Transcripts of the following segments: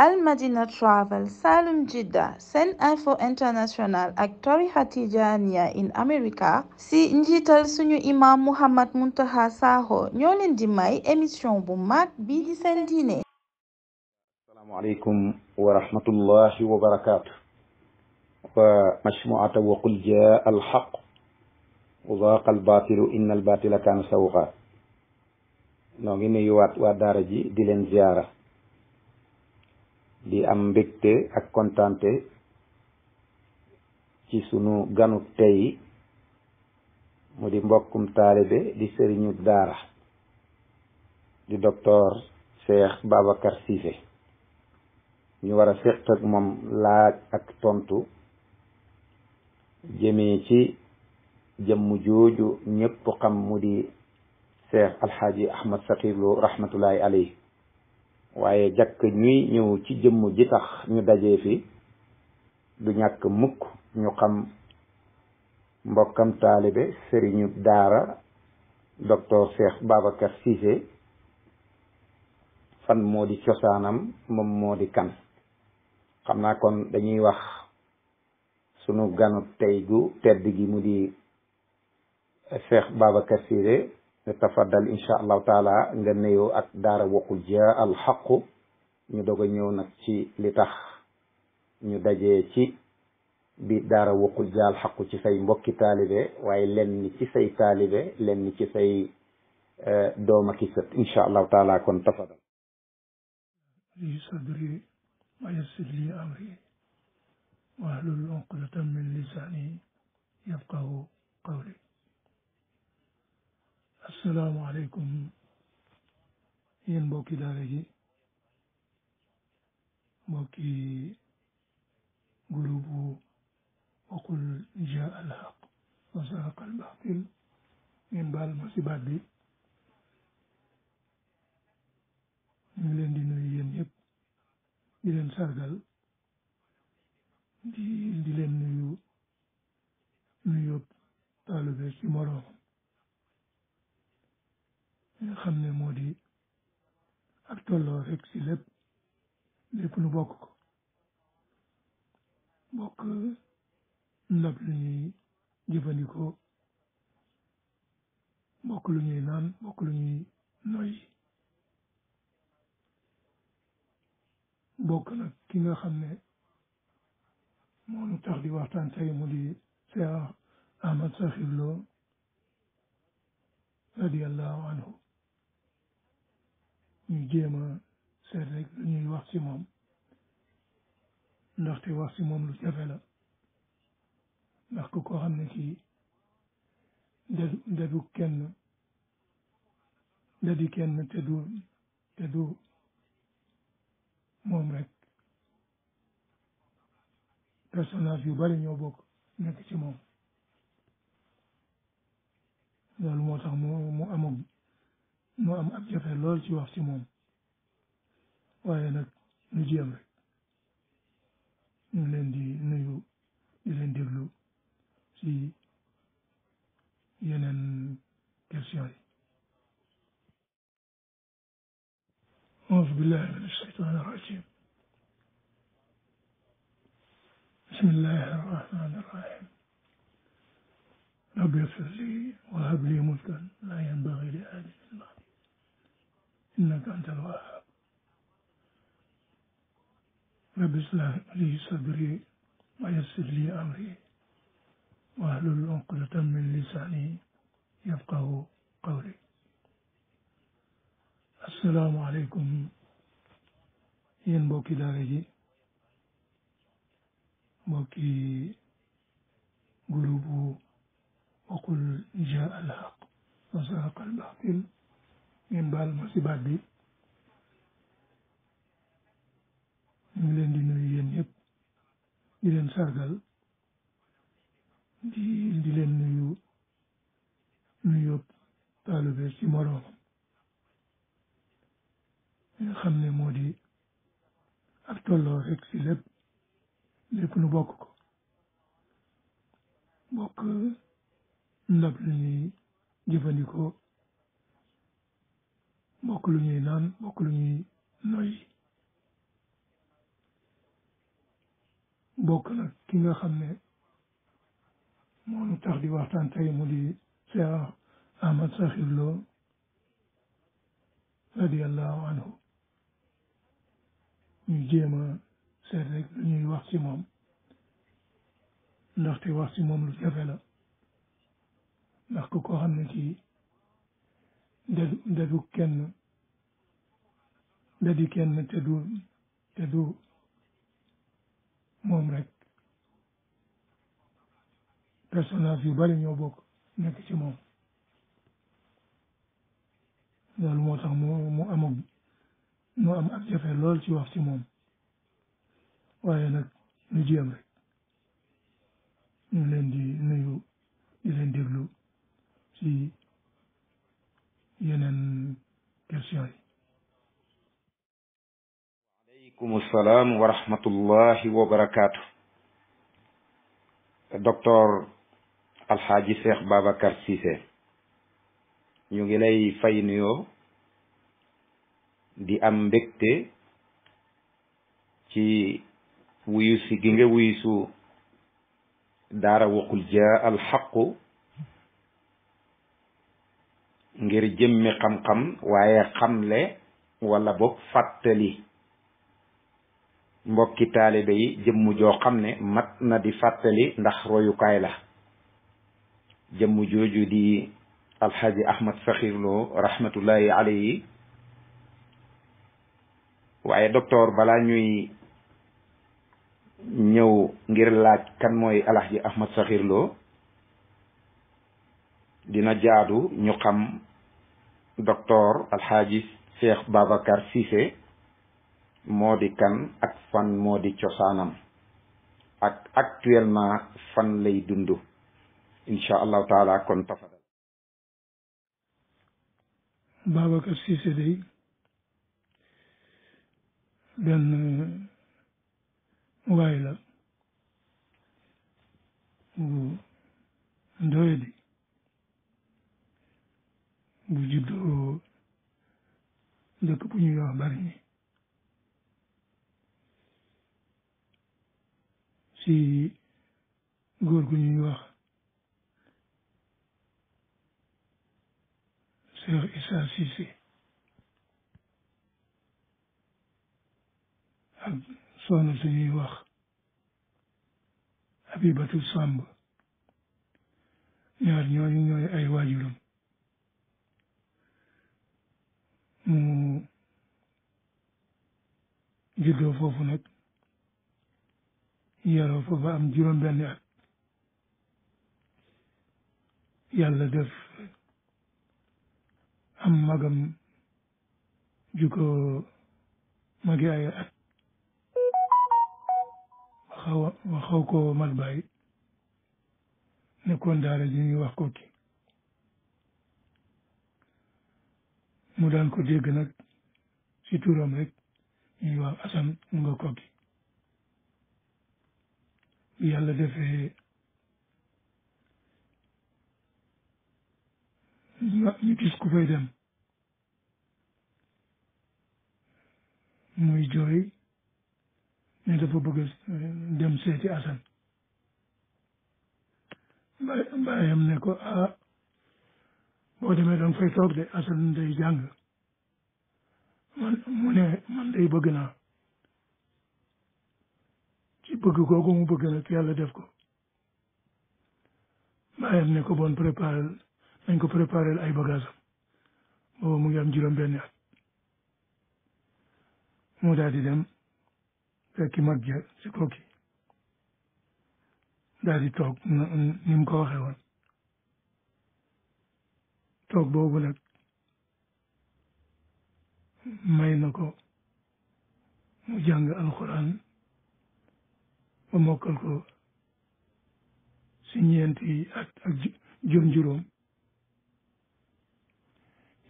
al madina travel salum jidda sen info international ak tarixa tijaniya in america si njiital suñu imam muhammad muntaha sakho ñoo leen di may émission bu mag bii di seen diine asalaamaaleykum wa rahmatullahi wa barakaatu wa majmuata wa qul jaa alxaq wa zaaqa albatilu inna albatila kaana sawqa noo ngi nuyuwaat waa daara ji di leen ziyaara di am mbégte ak kontaante ci sunu ganu tey mu di mbokkum taalibe di sëriñu daara di docteur Cheikh Babacar Cissé ñu war a séq ak moom laaj ak tontu jëmee ci jëmm jooju ñépp xam mu di Cheikh Alxaaji Ahmad Saxiir rahmatullahi alayhi waaye jàkk ñuy ñëw ci jëmm ji tax ñu dajee fi du ñàkk mukk ñu xam mbokkam taalibe sëriñu daara docteur Cheikh Babacar Cissé fan moo di cosaanam moom moo di kan xam naa kon dañuy wax sunu ganu tey gu tedd gi mu di Cheikh Babacar Cissé tafaddal incha allahu taala nga ak daara waqul jaa ñu doog a ñëw nag ci li tax ñu daje ci bi daara waqul jaa ci say mbokki taalibe waaye lenn ci say taalibe lenn ci say e, dooma ki allahu taala kon tafaddal asalaamaaleykum yéen mbokki daara ji mbokki gulubu waqul jaa al haq wa saraqa al baal ma baat bi ñu ngi leen di nuyu yéen ñëpp di leen sargal di di leen nuyu nuyu yëpp taalu bees ci moroom li xam ne moo di ak tolloo rek ci lépp lépp nu bokk ko bokk ndab lu ñuy jëfandikoo bokk lu ñuy naan bokk lu ñuy noyyi bokk nag ki nga xam ne moo nu tax di waxtaan tey mu di Cheikh Ahmad Sakhir Lo radiyallahu anhu ñu jéem a seet rek lu ñuy wax ci moom ndaxte wax ci moom lu jafe la ndax ku ko xam ne kii dadu dadu kenn dadi kenn te du te du moom rek personnage yu bari ñoo bokk nekk ci moom loolu moo tax mu mu amag mu am ak jafe lool ci wax ci moom waaye nag ñu jéem rek ñu ngi leen di nuyu di leen déglu ci yeneen question yi auzu billahi min ashaytan irrajim bismillahi arrahmani irrahim rabbi ighfir li wa hab li mulkan la yanbaghi li ahadin إنك أنت الوهاب رب اشرح لي صدري ويسر لي أمري واحلل عقدة من لساني يفقه قولي asalaamaaleykum yéen mbokki daara ji mbokki groupe bu waqul jaa al haq wa saraqa al baatil ngeen baal ma bi ñu ngi leen di nuyu yéen ñëpp di leen sargal di di leen nuyu nuyu taalube ci moroomam nga xam ne moo di ak tolloo rek si lépp nu bokk ko bokk ndab lu ñuy jëfandikoo bokk lu ñuy naan bokk lu ñuy noyyi bokk nag ki nga xam ne moo tax di waxtaan tey mu di Cheikh Ahmad Sakhir Lo radiallahu anhu ñu jéem a seet rek lu ñuy wax ci moom ndaxte wax ci moom lu jafe la ndax ku ko xam ne kii dadu dadu kenn dadi kenn te du te du moom rek personnage yu bari ñoo bokk nekk ci moom loolu moo tax mu mu am ak am ak jafe lool ci wax ci moom waaye nag ñu jéem rek ñu leen di nuyu di leen déglu ci yeneen question yi waaleykum salaam wa wa barakaatu docteur alxaaji Cheikh Babacar Cissé ñu ngi lay fay nuyoo di am mbégte ci wuyusi gi nga wuyusu daara waqul jaa alxaqu ngir jëmmi xam-xam waaye xamle wala boog fàttali mbokki taalibe yi jëmm joo xam ne mat na di fàttali ndax royukaay la jëmm jooju di alxaaji ahmad saxiir loo rahmatullahi alayhi waaye docteur balaa ñuy ñëw ngir laaj kan mooy alxaaji ahmad saxiir loo dina jaadu ñu xam docteur alxaaji Cheikh Babacar Cissé moo di kan ak fan moo cosaanam ak actuellement fan lay dund incha allahu taala kon tafadal Babacar Cissé day benn waay bu juddoo dëkk bu ñuy wax bari ni si góor gu ñuy wax Cheikh Issa Cissé ak soxna suñuy wax Habibatu Samb ñaar ñooñu ñooy ay waajuram mu mm. juddoo foofu nag yaroo foofu am juróom-benn at yàlla def am magam ju ko magi ay at waxaw waxaw mat bàyyi nekkoon daara ji ñuy wax ko mu daan ko dégg nag ci turam rek ñuy wax asan nga kokki bu yàlla defee ñu gis ku dem muy jooy ne dafa bëgg dem seeti asan baayam ne ko ah, boo demee danga fay toog de Assane day jàng mu ne man day bëgg naa ci bëgg googu mu bëgg nag yàlla def ko bàyyam ne ko bon préparé nañ ko préparé ay bagages am boobu mu ngi am juróom benn at mu daal dem fekki mag ja si kooki daal di toog ko waxee woon toog boobu nag may na ko mu jàng alxuraan ba mokkal ko si ñeenti at juróom-juróom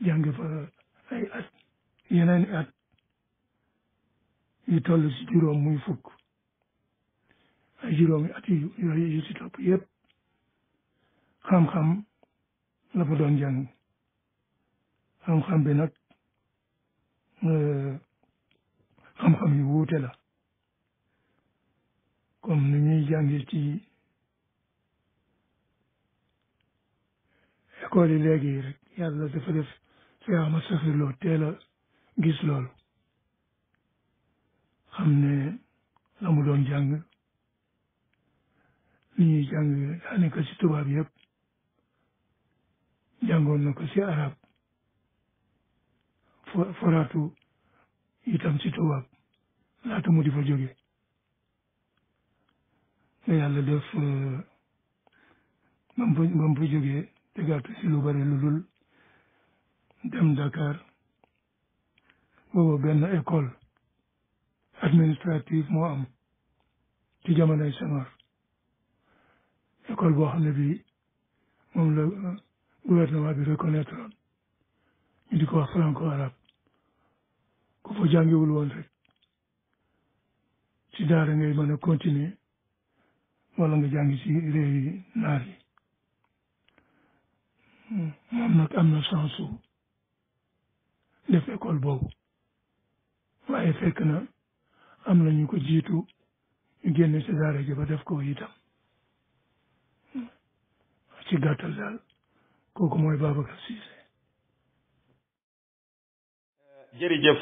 jàng fa ay at yeneen at yu toll si juróom muy fukk ay juróomi at yu yu si topp yépp xam-xam la fa doon jàng xam-xam bi nag euh, xam-xam yu wuute la comme ni ñuy jàngi ci école yi léegi rek yàlla dafa def si ama safirloo teel gis loolu xam ne la mu doon jàng li ñuy jàng daanaka si tubaab yëpp jàngoon na ko ci arab fo foraatu itam ci tubaab laata mu di fa jóge nga yàlla def euh, ba mu fa ba mu fa jógee lu bari lu dul dem Dakar booba benn école administrative moo am ci jamonoy Senghor école boo xam ne bi moom la gouvernement bi reconnaître oon ñu di ko wax franco arabe ku fa jàngiwul woon rek ci daara ngay mën a continuer wala nga jàngi ci réew yi am na chance su def école boobu waaye fekk na am na ñu ko jiitu ñu génne ci daara ji ba def ko itam hmm, ci gàttal daal kooku mooy Babacar Cissé. jërëjëf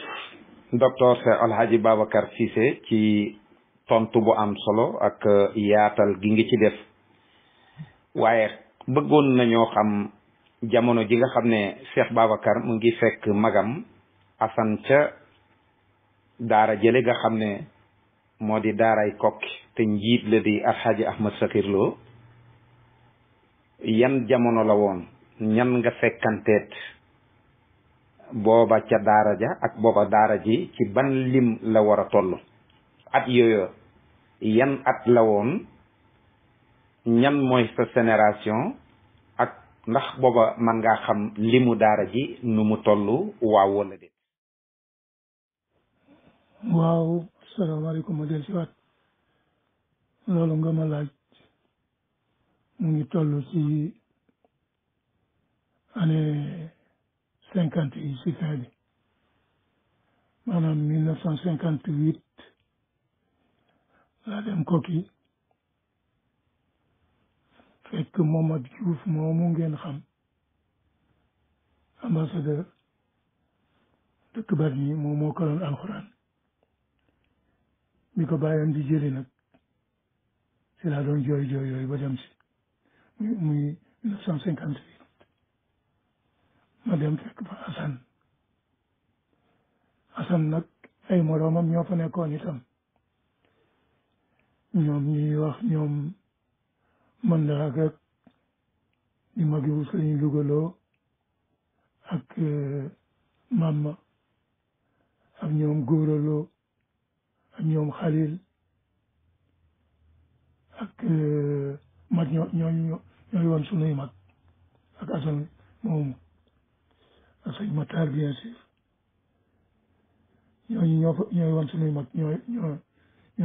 docteur Cheikh Al ci tontu bu am solo ak uh, yaatal gi ngi ci def waaye bëggoon nañoo xam jamono ji nga xam ne Cheikh Babacar mu ngi fekk magam Assane ca daara jële nga xam ne moo di daaray kokki te njiit la di Al Hadji Ahmad Sakhir yan jamono la woon. ñan nga fekkanteet booba ca daara ja ak booba daara ji ci ban lim la war a toll at yooyu yan at la woon ñan mooy sa génération ak ndax booba man nga xam limu daara ji nu mu tollu waaw wala déet waaw asalaamaaleykum ma del si mu ngi toll ci année cinquante yi si fin bi maanaam mille neuf cent cinquante huit laa dem Koki fekk Mohamed Diouf moomu ngeen xam ambassadeur dëkk Bargny moom moo ko doon alxuraan bi ko bàyyam di jëli nag si laa doon jooy jooy yooyu ba dem si muy mille neuf cent cinquante huit ma dem fekk fa asan asan nag ay moroomam ñoo fa nekkoon itam ñoom ñuy wax ñoom mën daak rek di magi wu sëriñ lugaloo ak eh, mamma ak ñoom góoraloo ak ñoom xalil ak eh, mag ñoo ñooy woon sunuy mag ak asan moomu sëñ Matar bien sûr ñooñu ñoo ko ñooy woon suñuy mag ñoo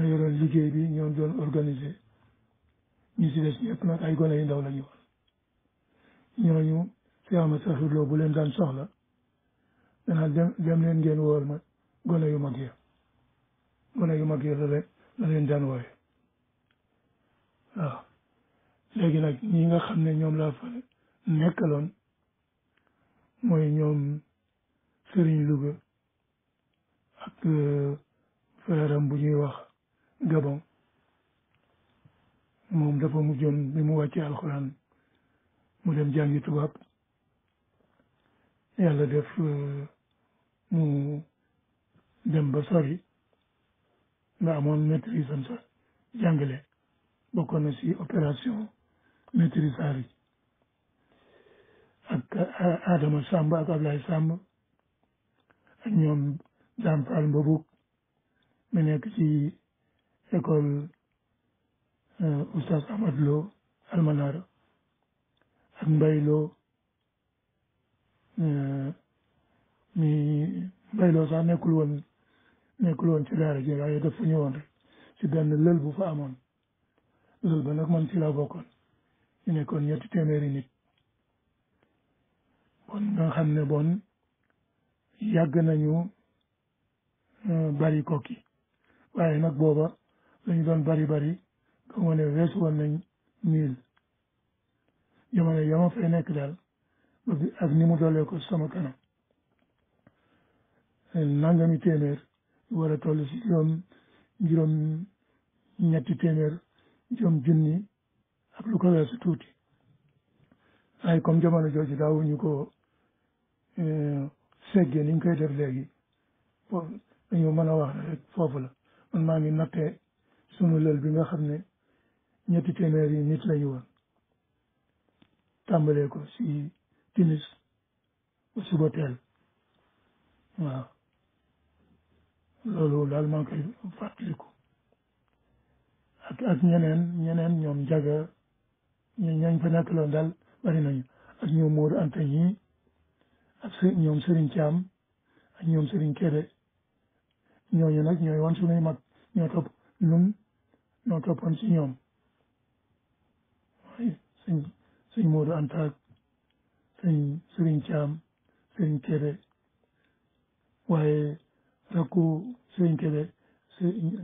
yoroon liggéey bi ñoo doon organiser ñu si des ñëpp nag ay gone yu ndaw la ñu woon ñooñu si ama saxirloo bu leen daan soxla danaan dem dem leen ngeen wool ma gone yu mag ya gone yu mag ya la leen daan wooye waaw léegi nag ñi nga xam ne ñoom laa fa nekkaloon mooy ñoom Serigne ak euh, frère bu ñuy wax Gabon moom dafa mujjoon bi mu wàccee alxuraan mu dem jàngi tubaab yàlla def euh, mu dem ba sori nga amoon maîtrise sa jàngale bokkoon na si opération maîtrise ak eh, Adama Samb ak Ablaye Samb ak ñoom Dame Mbabuk mi nekk ci école eh, Oustaz Ahmad Lo Almanara ak Mbaye Lo eh, mi Mbaye Lo sax nekkul woon nekkul woon ci daara ji waaye daf fu ñëwoon ci benn lël bu fa amoon lël ba nag man ci bokkoon ñu nekkoon ñetti téeméeri kon nga xam ne bon yàgg nañu euh, bari kokki waaye nag booba lañu doon bari bari comme ma ne woon nañ mille jamono yama fay nekk daal ak ni mu doolee ko sama kanam nangami téeméer war a toll si juróom juróom ñetti téeméer juróom junni ak lu ko weesu tuuti ay comme jamono jooju daawuñu ko eh, seggee niñ koy def léegi foofu dañoo mën a wax rek foofu la man maa ngi nattee sunu lël bi nga xam ne ñetti téeméer yi nit lañu woon tàmbalee ko si timis ba suba teel waaw loolu daal maa ngi koy ak ñeneen ñeneen ñoom jaga ñañ fa nekk loon daal bari nañu ak ñoom Modou Anta ñii ak ñoom Serigne Thiam ak ñoom Serigne Kébé ñooñu nag ñooy wan suñuy mag ñoo topp ñun ñoo toppoon ci ñoom waaye sëñ sëñ Modou Anta ak sëñ Serigne Thiam Serigne Kébé waaye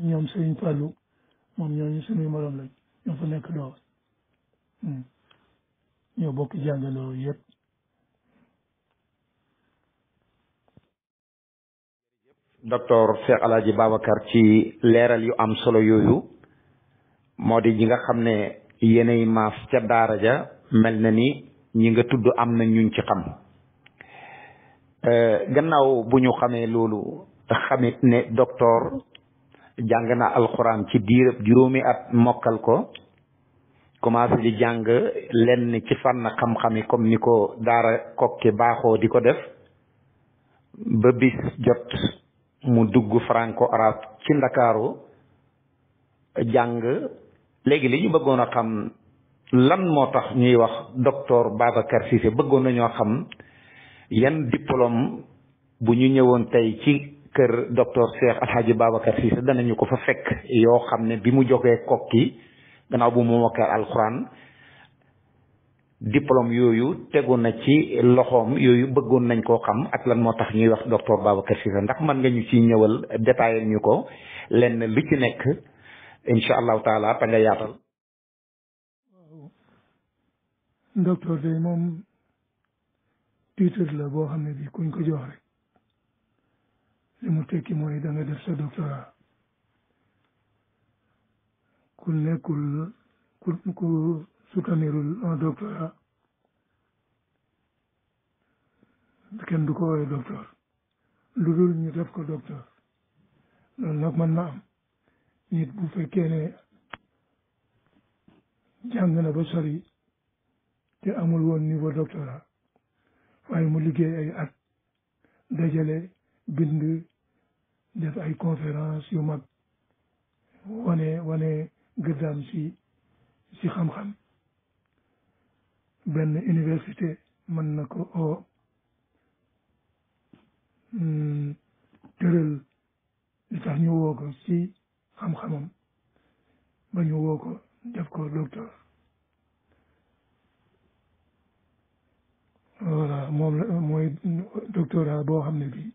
ñoom Serigne Fallou moom ñooñu suñuy morom lañ ñoo fa nekk doo hmm. ñoo bokk jàngaloo yépp docteur Cheikh Alaaji Babacar ci leeral yu am solo yooyu moo di ñi nga xam ne yeney maas ca daara ja mel na ni ñi nga tudd am na ñuñ ci xam euh, gannaaw bu ñu xamee loolu xamit ne docteur jàng na alxuraan ci diirab juróomi at mokkal ko commencé di jàng lenn ci fànn xam-xam comme ni ko daara kokki baaxoo di ko def ba bis jot mu dugg franco arabe ci ndakaaru jàng léegi li ñu bëggoon a xam lan moo tax ñuy wax docteur Babacar Cissé bëggoon ñoo xam yan diplôme bu ñu ñëwoon tey ci kër docteur Cheikh Alhaji Babacar Cissé danañu ko fa fekk yoo xam ne bi mu jógee kokki gannaaw bu mu mokkee alxuraan diplôme yooyu tegu na ci loxoom yooyu bëggoon nañ koo xam ak lan moo tax ñuy wax docteur Babacar Cissé ndax man nga ñu ci ñëwal détaillé ñu ko lenn lu ci nekk incha allahu taala ta nga yaatal. waaw de moom titre la boo xam ne bi kuñ ko jox li mu tekki mooy da def sa doctorat nekkul ku ku soutenirul kenn du ko woowee lu dul ñu def ko docteur loolu nag mën na am nit bu fekkee ne jàng na ba sori te amul woon niveau doctorat waaye mu liggéey ay at dajale bind def ay conférence yu mag wane wane gëddaam si si xam-xam benn université mën na ko oo oh, hmm, tëral li tax ñu woo ko ci xam-xamam ba ñu woo ko def ko docteur voilà moom la mooy doctorat boo xam ne bii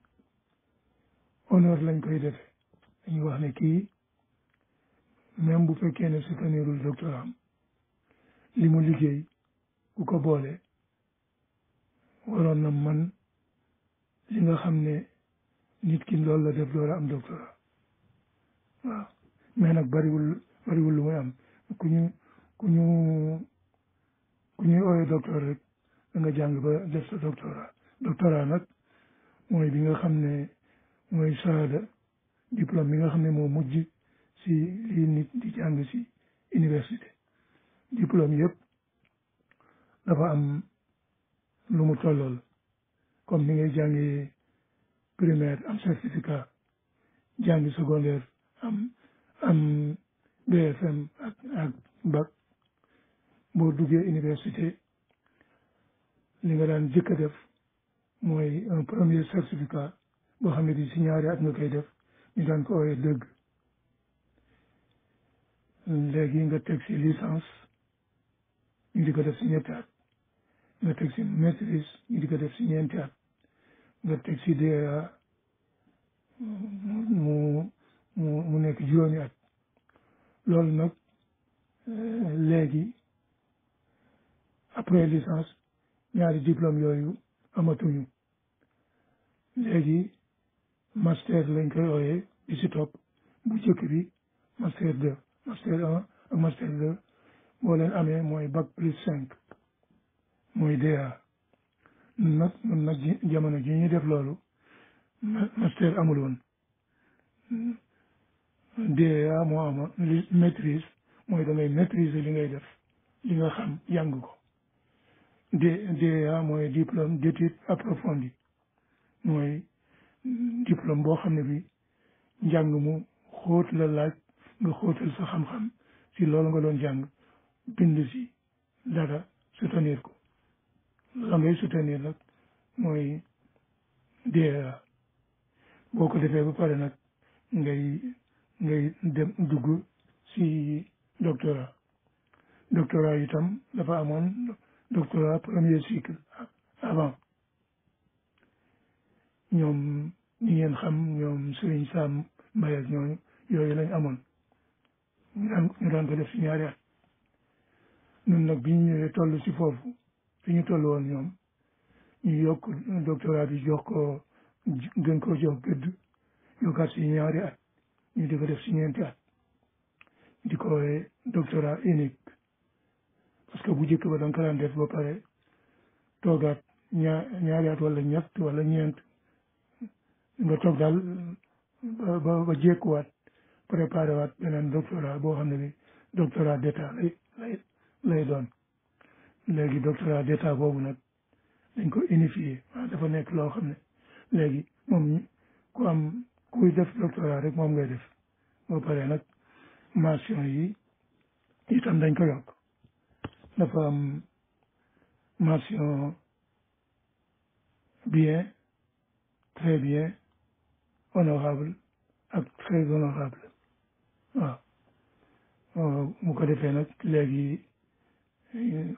honneur lañ koy defe dañuy wax ne kii même bu fekkee ne soutenirul doctorat am li mu liggéey ku ko boole waroon na man li nga xam ne nit ki loolu la def door a am doctorat waaw mais nag bariwul bariwul lu muy am ku ñu ku ñu ku ñuy ooyee docteur rek da jàng ba def sa doctorat doctorat nag mooy bi nga xam ne mooy saada diplôme bi nga xam ne moo mujj ci lii nit di jàng si université diplôme yëpp dafa am lu mu tollool comme ni ngay jàngee primaire am certificat jàngi secondaire am am BFM ak ak boo duggee université li nga daan jëkk def mooy un premier certificat boo xam ni di si ñaari at nga koy def ñu daan ko dëgg léegi nga teg si licence ñu di ko def si ñetti at nga teg si ñu di ko def si ñeenti at nga teg si DEA mu mu nekk juróomi at loolu nag e, léegi après e licence ñaari diplôme yooyu amatuñu léegi master lañ koy ooyee bi si topp bu jëkk bi master deux master 1 ak master 2 boo amee mooy bac plus cinq mooy DA ñun nag ñun nag jamono ji ñu def loolu master amul woon DA moo amoon li maîtrise mooy dangay ngay li ngay def li nga xam jàng ko D DA mooy diplôme d'études approfondies mooy diplôme boo xam ne bi njàng mu xóot la laaj nga xóotal sa xam-xam si loolu nga doon jàng bind si dara soutenir ko la ngay soutenir nag mooy DEA boo ko defee ba pare nag ngay ngay dem dugg si doctorat doctorat itam dafa amoon doctorat premier cycle avant ñoom ñi ngeen xam ñoom Serigne Sam Mbaye ñooñu yooyu lañ amoon ñu daan ñu def si ñaari at nag bi ñu ñëwee toll si foofu fi ñu toll woon ñoom ñu yokk doctorat bi jox ko gën yokkaat si ñaari ñu di ko def si ñeenti di ko wooyee doctorat unique parce que bu njëkk ba da nga daan def ba pare toogaat ñaar ñaari at wala ñett wala ñeent nga toog daal ba ba jékkuwaat préparé waat beneen doctorat boo xam ne bi doctorat d'état lay lay lay doon léegi doctorat d'état dañ ko unifié waaw dafa nekk loo xam ne léegi moom ku am kuy def doctorat rek moom ngay def boo paree nag mention yi itam dañ ko yokk dafa am bien très bien honorable ak très honorable waaw ah. ah, mu ko defee nag léegi eh,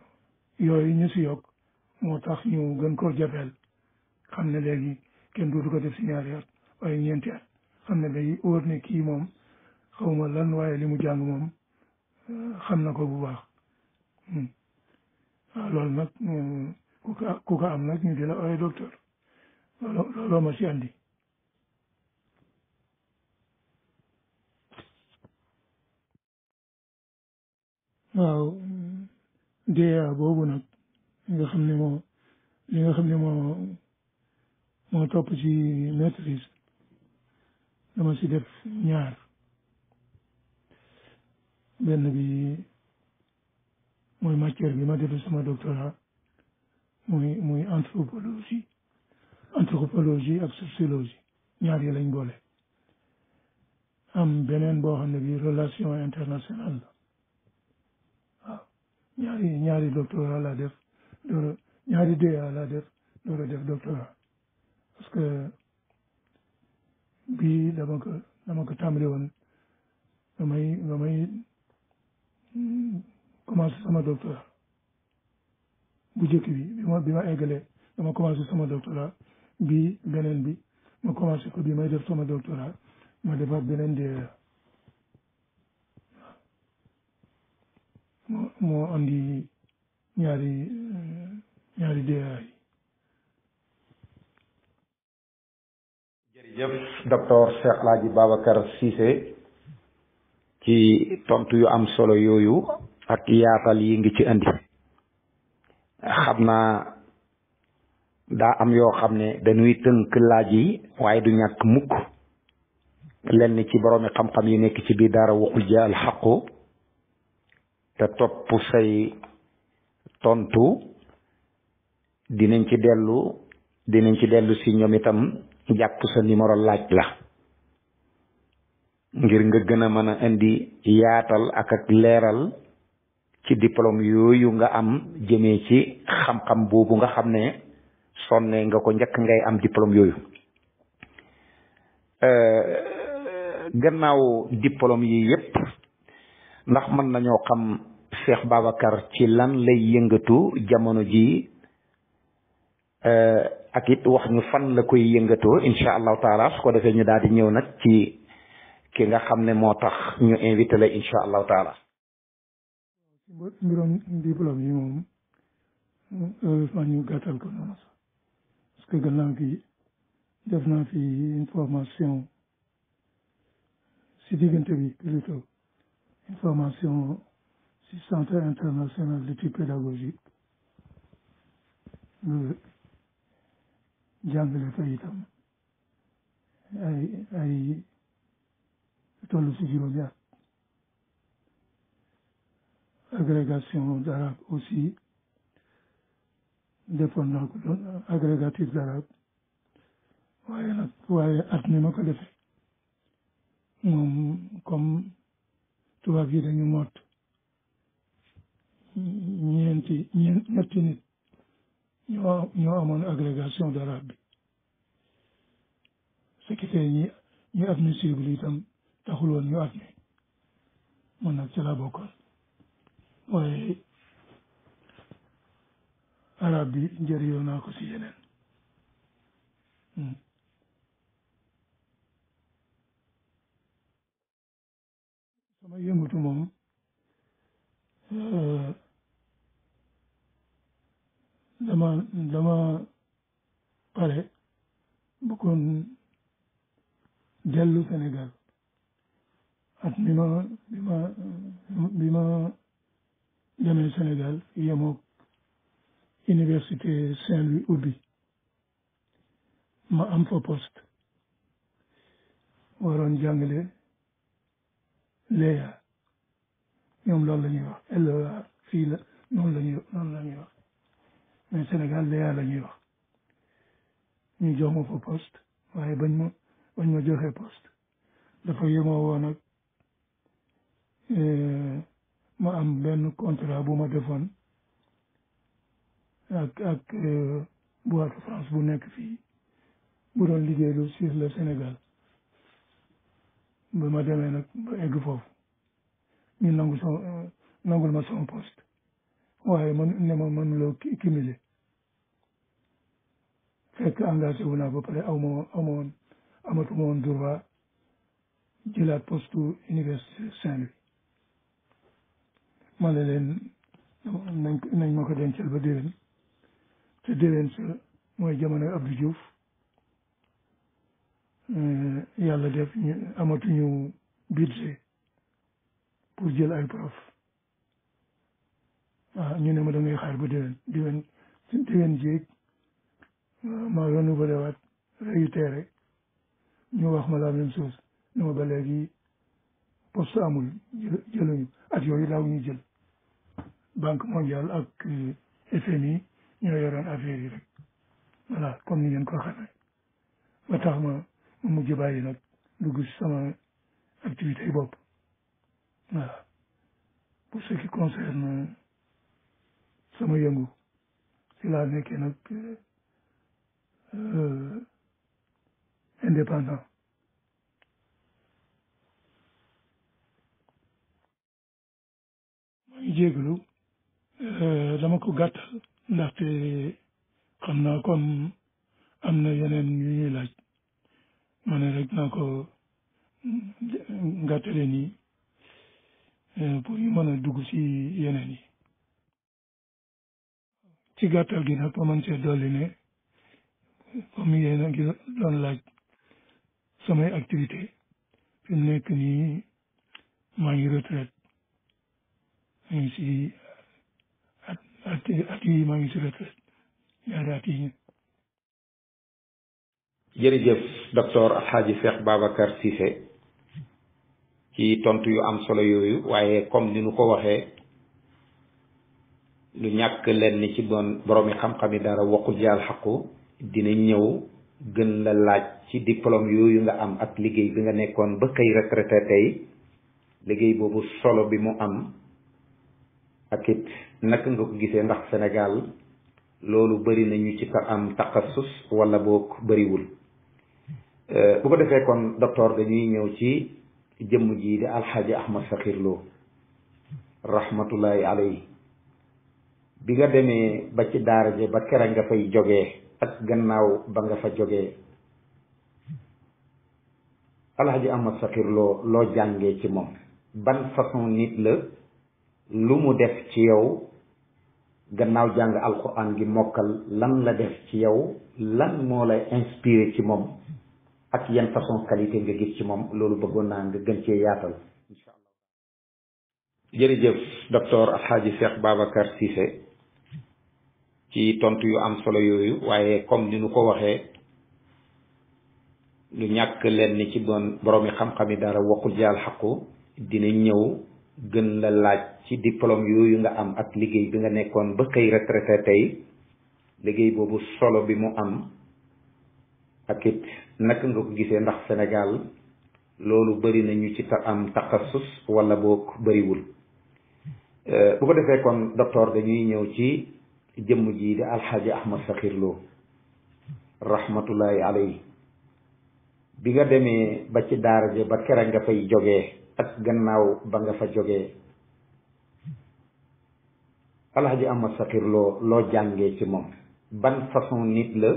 yooyu ñu si yokk moo tax ñu gën koo jafeel xam ne léegi kenn dootu ko def si ñaar at waaye ñeenti xam ne day wóor ne kii moom xawma lan waaye li mu jàng moom eh, xam na ko bu baax waaw hmm. ah, loolu nag eh, ku ko ku ko am nag ñu di la ooye docteur looloo ma si andi waaw DEA boobu nag nga xam ne moo li nga xam ne moo moo topp ci maîtrise dama ci def ñaar benn bi mooy matière bi ma defe sama doctorat muy muy anthropologie anthropologie ak sociologie ñaar yi lañ boole am beneen boo xam ne bi relation internationale la ñaari ñaari doctorat laa def door ñaari DEA laa def door def doctorat parce que bii dama ko dama ko tàmbali woon may damay mm, commencé sama doctorat bu jëkk bi bi ma bi ma eggalee dama commencé sama doctorat bii beneen bi ma commencé ko bi may def sama doctorat ma defaat beneen DEA moo moo andi ñaari jërëjëf docteur Cheikh ci tontu yu am solo yooyu ak yaatal yi ngi ci andi xam naa daa am yoo xam ne dañuy tënk laaj yi waaye du ñàkk mukk lenn ci boroomi xam-xam yi nekk ci biir daara waxul ja alxaqu te topp say tontu dinañ ci dellu dinañ ci dellu si ñoom itam jàpp sa numéro laaj la ngir nga gën a mën a indi yaatal ak ak leeral ci diplôme yooyu nga am jëmee ci xam-xam boobu nga xam ne sonne nga ko njëkk ngay am diplôme yooyu euh, gannaaw diplôme yi yépp ndax mën nañoo xam Cheikh Babacar ci lan lay yëngatu jamono ji e, ak it wax ñu fan la koy yëngatoo incha allahu taala su defee ñu daal di ñëw nag ci ki xam ne moo tax ñu invité la incha allahu taala. ci mbirom parce que gannaaw gi def naa fi une si centre international d'études pédagogiques jàngale euh, ko itam ay ay toll si juróomi at agrégation d'arabe aussi defoon naa ko doon agrégatif d'arabe waaye nag waaye at mi ma ko tubaab yi dañu ñeenti ñeent ñetti nit ñoo ñoo amoon agrégation d'arabe bi ce qui ñi ñu admis cible itam taxul ñu admis man nag ci laa bokkoon waaye arabe bi njëriñoo naa ko si yeneen hmm. sama yëngutu moom euh, dama dama pare bëggoon dellu Sénégal at mi bi ma bi ma demee Sénégal yemook université Saint-Louis ubbi ma am fa poste waroon jàngale léeya ñoom loolu la ñuy wax e fii la noonu lañu ñuy noonu la wax mais Sénégal de yàlla ñuy wax ñu jox ma fa poste waaye bañ ma bañ ma joxee poste dafa yemoo woon ak eh, ma am benn contrat bu ma defoon ak ak eh, boîte France bu nekk fii bu doon liggéeylu sur le Sénégal ba ma demee nag ba egg foofu ñu nangu sama eh, nangul ma sama poste waaye man ne ma mënuloo cumulé fekk engagé wu naa ba pare aw ma woon aw ma woon amatuma woon droit jëlaat poste université Saint-Louis ma ne leen nañ nañ ma ko dencal ba déwén te déwén sa mooy jamono Abdou Diouf euh, yàlla def ñu amatuñu budget pour jël ay waaw ah, ñu ne ma da ngay xaar ba déwén déwén si déwén jéeg ma renouvelé waat ñu wax ma la même chose ma ba léegi poste amul jëluñu ak yooyu daaw ñu jël banque mondiale ak eh, FMI ñoo yoroon affaire yi rek voilà comme ni ngeen ko xamee ba tax ma ma mujj bàyyi nag dugg si sama activité bopp voilà pour ce qui sama yëngu si laa nekkee nag euh, indépendant maa ngi euh, dama ko gàtt ndaxte xam naa comme am na yeneen yu ñuy laaj ma ne rek naa ko gàttale nii euh, pour ñu mën a dugg si yeneen yi ci gàttal gi nag ma mën cee dolli ne comme yéen ngi doon laaj samay activité fi mu nekk nii maa ngi retraite ngi ci at yi maa ngi ci retraite ñaari at yi jërëjëf docteur Alxaaji Cheikh Babacar Cissé ki tontu yu am solo yooyu waaye comme ni nu ko waxee lu ñàkk ni ci doon boroomi xam-xam yi dara waqu jaal xaqu dina ñëw gën la laaj ci diplôme yooyu nga am ak liggéey bi nga nekkoon ba xëy retraité tey liggéey boobu solo bi mu am akit it naka nga ko gisee ndax senegal loolu bari nañu ci ko am taqasus walla boo bariwul euh, bu ko defee kon docteur dañuy ñëw ci jëmm jii di alxaaji Ahmad Saxiir Lo rahmatullahi alayhi bi nga demee ba ci daara je ba kera nga fay jógee ak gannaaw ba nga fa jógee am ahmad saxir loo loo jàngee ci moom ban façon nit la lu mu def ci yow gannaaw jàng alquran gi mokkal lan la def ci yow lan moo lay inspiré ci moom ak yan façon qualité nga gis ci moom loolu bëggoon naa nga gën cee yaatal incha allah jërëjëf docteur alhaji cheikh babacar cissé ci tontu yu am solo yooyu waaye comme ni nu ko waxee lu ñàkk lenn ci bon boroomi xam-xam yi dara waxul jaal xaqu dina ñëw gën la laaj ci diplôme yooyu nga am ak liggéey bi nga nekkoon ba xëy retraité tey liggéey boobu solo bi mu am akit it naka nga ko gisee ndax Sénégal loolu bëri nañu ci ta am taxasus wala boo bëriwul euh, bu ko defee kon docteur dañuy ñëw ci jëmm jii di alxaaji ahmad saxir loo rahmatullahi alayhi bi nga demee ba ci daara ji ba kera nga fay jógee ak gannaaw ba nga fa jógee alxaaji ahmad saxir loo loo jàngee ci moom ban façon nit la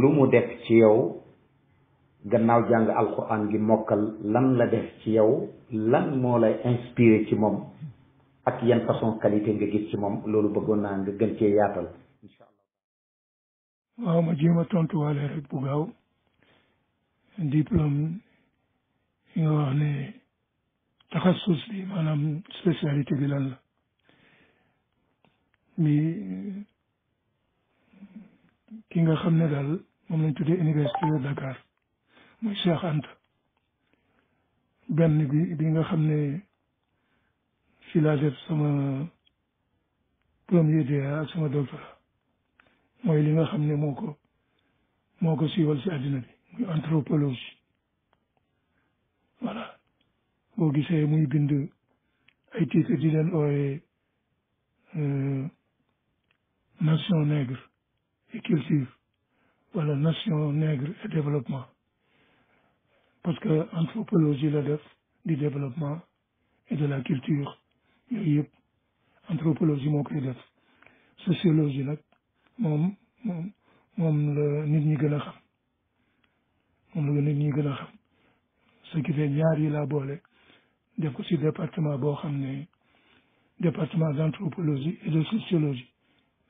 lu mu def ci yow gannaaw jàng alquran gi mokkal lan la def ci yow lan moo lay inspiré ci moom ak yan façon qualité nga gis ci moom loolu bëggoon naa nga gën cee yaatal incha allah waaw ma jéem a tontuwaale rek bu gaaw diplôme yi nga wax ne taxassus bi maanaam spécialité bi lan la mi ki nga xam ne daal moom lañ tuddee université Dakar muy Cheikh benn bi bi nga xam ne ci laa def sama premier DEA ak sama doctorat mooy li nga xam ne moo ko moo ko siiwal si àddina bi muy anthropologie voilà boo gisee muy bind ay titre di leen ooyee euh, nation nègre et culture wala nation nègre et développement parce que anthropologie la def du développement et de la culture yooyu yëpp anthropologie moo koy def sociologie nag moom moom la nit ñi gën a xam moom la nit ñi gën a xam ce qui fait ñaar yi laa boole def ko ci département boo xam ne département d' anthropologie et de sociologie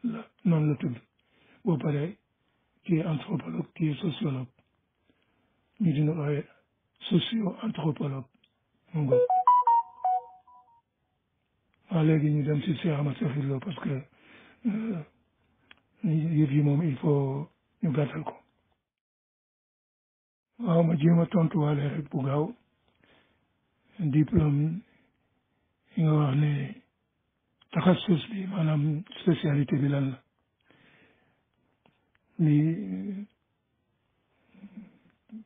la noonu la tudd boo paree qui est anthropologue qui est sociologue ñu dina ooye socio anthropologue mu ngoog waaw léegi ñu dem si Cheikh euh, yi moom il faut ñu ma jéem a tontuwaale rek bu gaaw diplôme yi nga wax ne taxassus bi maanaam spécialité bi la li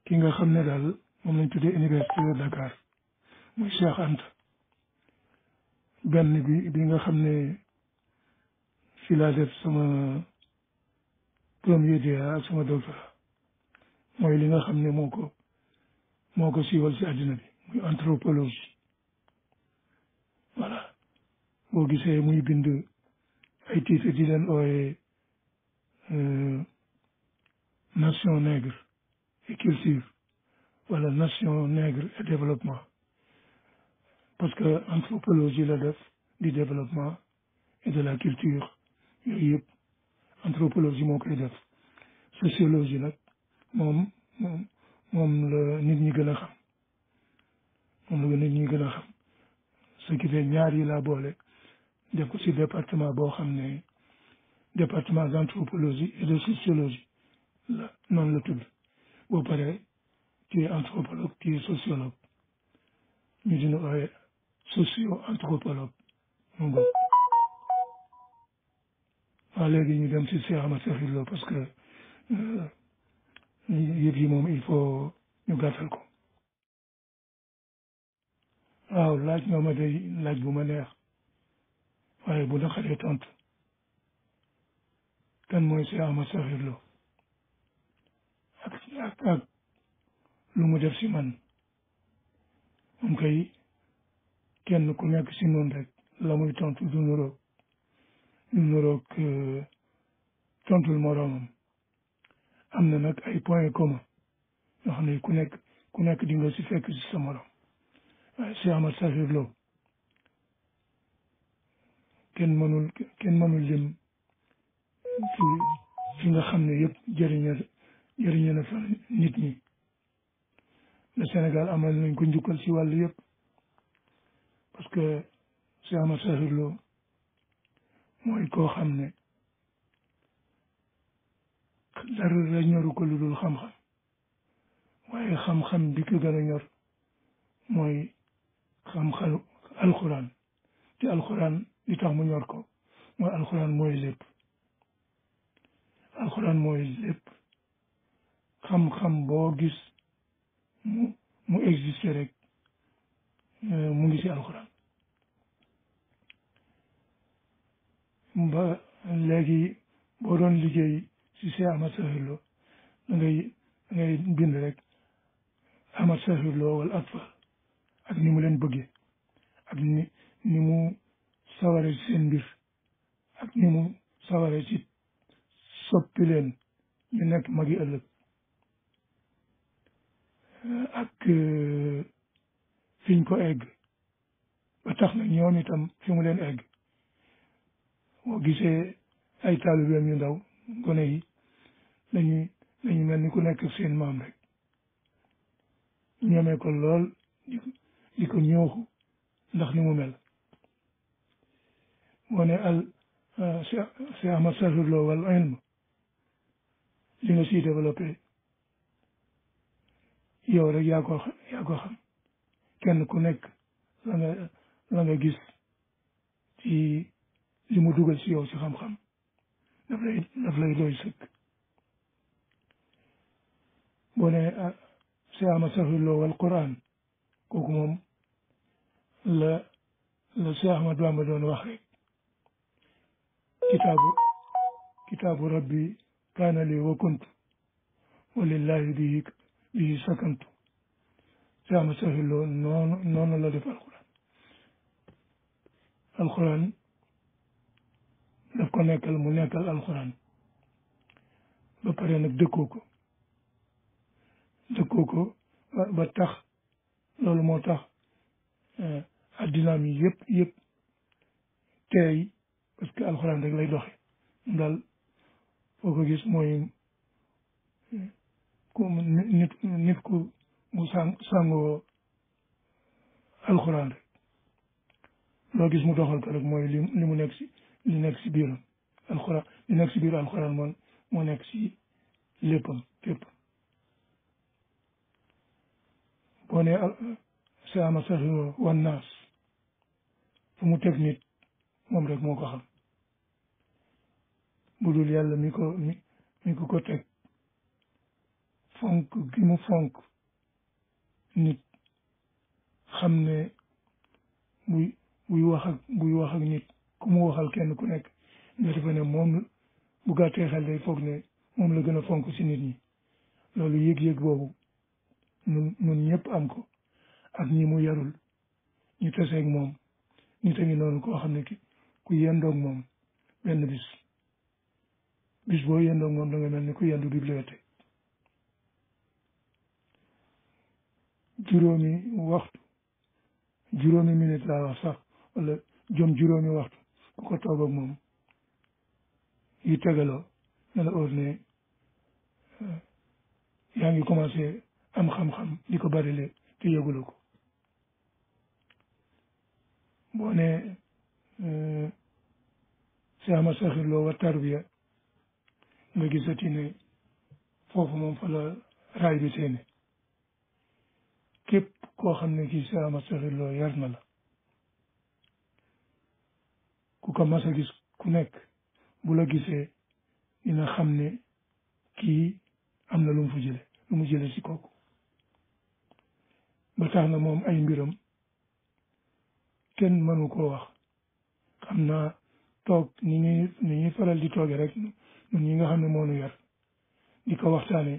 ki nga xam ne daal moom lañ tuddee université de Dakar muy Anta benn bi bi nga xam ne si laa def sama premier di ak sama doctorat mooy li nga xam ne moo ko moo ko siiwal si àddina bi muy anthropologie voilà boo gisee muy bind ay titre di leen ooyee euh, nation nègre et wala nation nègre et développement parce que anthropologie la def du développement et de la culture yooyu yëpp anthropologie moo koy def sociologie nag moom moom la nit ñi gën a xam moom la nit ñi gën a xam ce qui fait ñaar yi laa boole def ko ci département boo xam ne département d'anthropologie et de sociologie la noonu la tudd boo paree tu es anthropologue tu es sociologue ñu dina ooye socio-anthropologue mu ngo waa léegi ñu dem si Cheikh Ahmad Sakhir Lo parce que euh, yëf yi moom il faut ñu gàttal ko waaw laaj nga ma laaj bu ma neex waaye bu naqaree tontu kan mooy Cheikh Ahmad Sakhir Lo ak ak ak lu mu def ci man moom kay kenn ku nekk si noonu rek la muy tontu du nuroog du nuroog euh, tontul moroomam am na nag ay point commun yoo xam ne ku nekk ku nekk di nga si fekk si sa morom waaye si Ahmad Sakhir kenn mënul kenn mënul lim fi nga xam ne yëpp jëriña jëriña na nit ñi le Sénégal amal nañ ko njukkal si wàll yëpp parce que Cheikh Ahmed Sakhir Lo mooy koo xam ne dara la ko lu dul xam-xam waaye xam-xam bi ko gën a ñor mooy xam-xam alxuraan te alxuraan li tax mu ñor ko mooy alxuraan mooy lépp alxuraan mooy lépp xam-xam boo gis mu mu existe rek Euh, mu ngi ci alxuraan ba léegi boo doon liggéey ci Cheikh Ahmad Sakhir Lo da ngay da ngay bind rek Ahmad Sakhir Lo wal atfal ak ni mu leen bëggee ak ni ni mu sawaree ci seen mbir ak ni mu sawaree ci soppi leen ñu nekk magi ëllëg ak fiñ ko egg ba tax na ñoom itam fi mu leen egg boo gisee ay taalibeem yu ndaw gone yi dañuy dañu mel ni ku nekk seen maam rek ñoomee ko lool di ko ñooxu ndax ni mu mel moo ne al si ah, ahmad safirloo wal ilm li nga siy développé yow rek yaa ko yaa ko xam kenn ku nekk la nga la nga gis ci li mu dugal si yow si xam-xam daf lay daf lay doy sëkk boo ne seama ah, safirloo wal quran kooku moom la la Seex Ahmad Bamba doon wax rek kitaabu rabbi kaana li wa kuntu wa lillahi bihi bihi Cheikh Moustapha noonu la def alxuraan alxuraan daf ko nekkal mu nekkal alxuraan ba pare nag dëkkoo ko dëkkoo ko ba tax loolu moo tax eh, addinaam yi yëpp yëpp teey parce que alxuraan rek lay doxe daal foo ko gis mooy eh, nit nit ku mu sàng sàngoo alxuraan rek loo gis mu doxal ko mooy li li mu nekk si li nekk si biiram alxuraan li nekk si biir alxuraan moom moo nekk si léppam fépp boo ne saama saxiro wan naas moom rek moo ko xam bu dul yàlla mi ko mi mi ko ko teg fonk gi mu fonk nit xam ne buy buy wax ak buy wax ak nit ku mu waxal kenn ku nekk nga defe ne moom bu gàttee day foog ne moom la gën a fonk ci nit ñi loolu yëg-yëg boobu ñun ñun ñëpp am ko ak ñi mu yarul ñu teseeg moom nit a ngi noonu koo xam ne ki ku yendoog moom benn bis bis boo yendoog moom da mel ni ku yendu bibliothèque juróomi waxtu juróomi minute laa wax sax wala jom juróomi waxtu ku ko toog moom yi tegaloo ne la óor ne eh, yaa ngi commencé am xam-xam di ko bërile te yëgula ko boo ne saama eh, saxirloo wa tarbiya nga gisati ne foofu moom fa la raay bi seeni képp koo xam ne kii Cheikh Ahmad Sakhir Lo yar na la ku ko mas a gis ku nekk bu la gisee dina xam ne kii am na lu mu fu jële lu mu jële ci kooku ba tax na moom ay mbiram kenn mënu koo wax xam naa toog ni ñuy ni ñuy faral di tooge rek ñi nga xam ne moo nu yar di ko waxtaane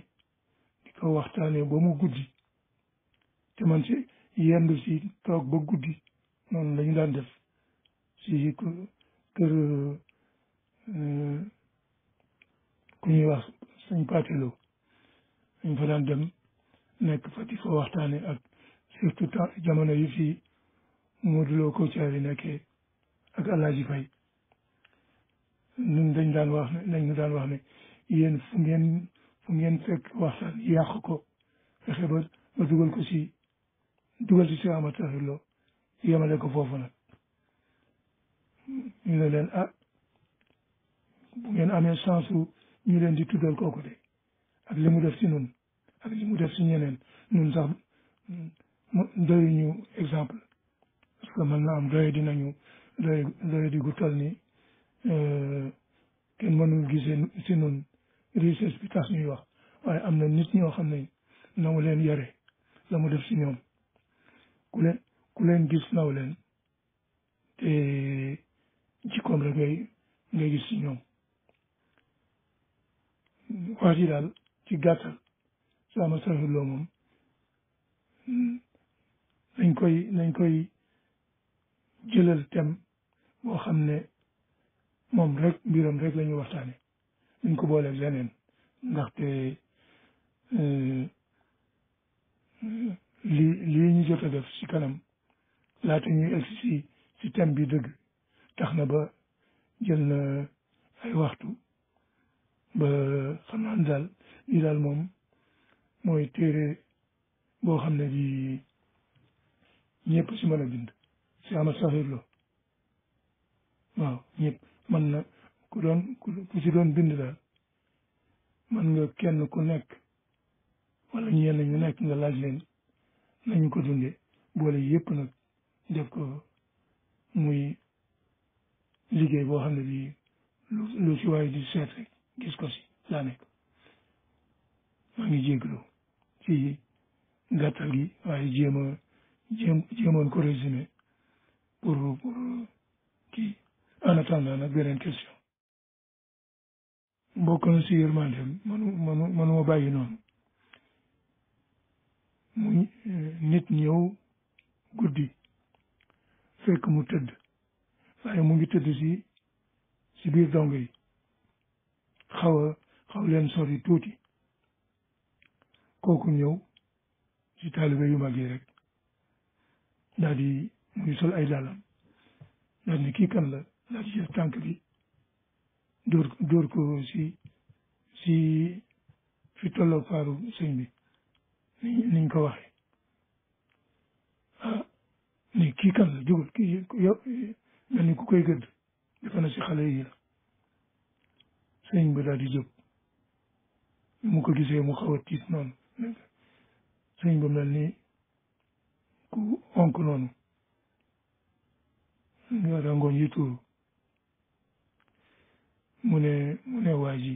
di ko waxtaane ba mu guddi te man si yendu si toog ba guddi noonu lañu daan def si kër euh, ku ñuy wax sañ pateloo dañ fa daan dem nekk fa di fa waxtaane ak surtout temps jamono yi fii mooduloo ko caari nekkee ak alaaji fay ñun dañ daan wax ne dañ ñu daan wax ne yéen fu ngeen fu ngeen fekk waxtaan yàq ko fexe ba ba dugal ko si dugal ci si ama taxi loo yemale ko foofu nag ñu ne leen ah bu ngeen amee chance ñu leen di tuddal kooku de ak li mu def si nun ak li mu def si ñeneen nun sax doyu ñu exemple parce que mën naa am doye dinañu doye doye di gu ni euh, kenn mënul gisee si nun richesse bi tax ñuy wax waaye am na nit ñoo xam ne na leen yore la mu def si ñoom ku leen leen gis naw leen te jikkoom rek ngay gis ci ñoom wax daal ci gàttal sama safi loo moom nañ koy nañ koy jëlal tem boo xam ne moom rek mbiram rek la ñuy waxtaane nañ ko booleeg leneen ndaxte euh, lii lii ñu jot a def ci kanam laata ñuy egsi ci ci bi dëgg tax na ba jël na ay waxtu ba xam naa daal lii daal moom mooy téere boo xam ne di ñëpp ci mën a bind ci ama safir lo waaw ñëpp mën na ku doon ku ci doon bind daal mën nga kenn ku nekk wala ñenn ñu nekk nga laaj leen nañu ko dunde boole yépp nag def ko muy liggéey boo xam ne bii lu lu ci di seet rek gis ko si laa maa ngi jégalu ci gàttal gi waaye jéem a jéem jéemoon ko résumé pour pour kii en attendant nag beneen question. bokk na si yërmandem manu manu manuma bàyyi noonu. mu nit ñëw guddi fekk mu tëdd waaye mu ngi tëdd si si biir dong yi xaw a xaw leen yi tuuti kooku ñëw si taalibe yu mag yi rek daal di mu ngi sol ay dàllam daal ni kii kan la daal di tànk bi dóor dóor ko si si fi tolloo paaru sëñ bi niñ ko waxee ah ni kii kan la kii mel ni ku koy gëdd defe na si xale yi la sëñ bi daal di jóg mu ko gisee mu xaw a tiit noonu sëñ ba mel ni ku onk noonu ñoo rangoon yi tuuru mu ne mu ne waa ji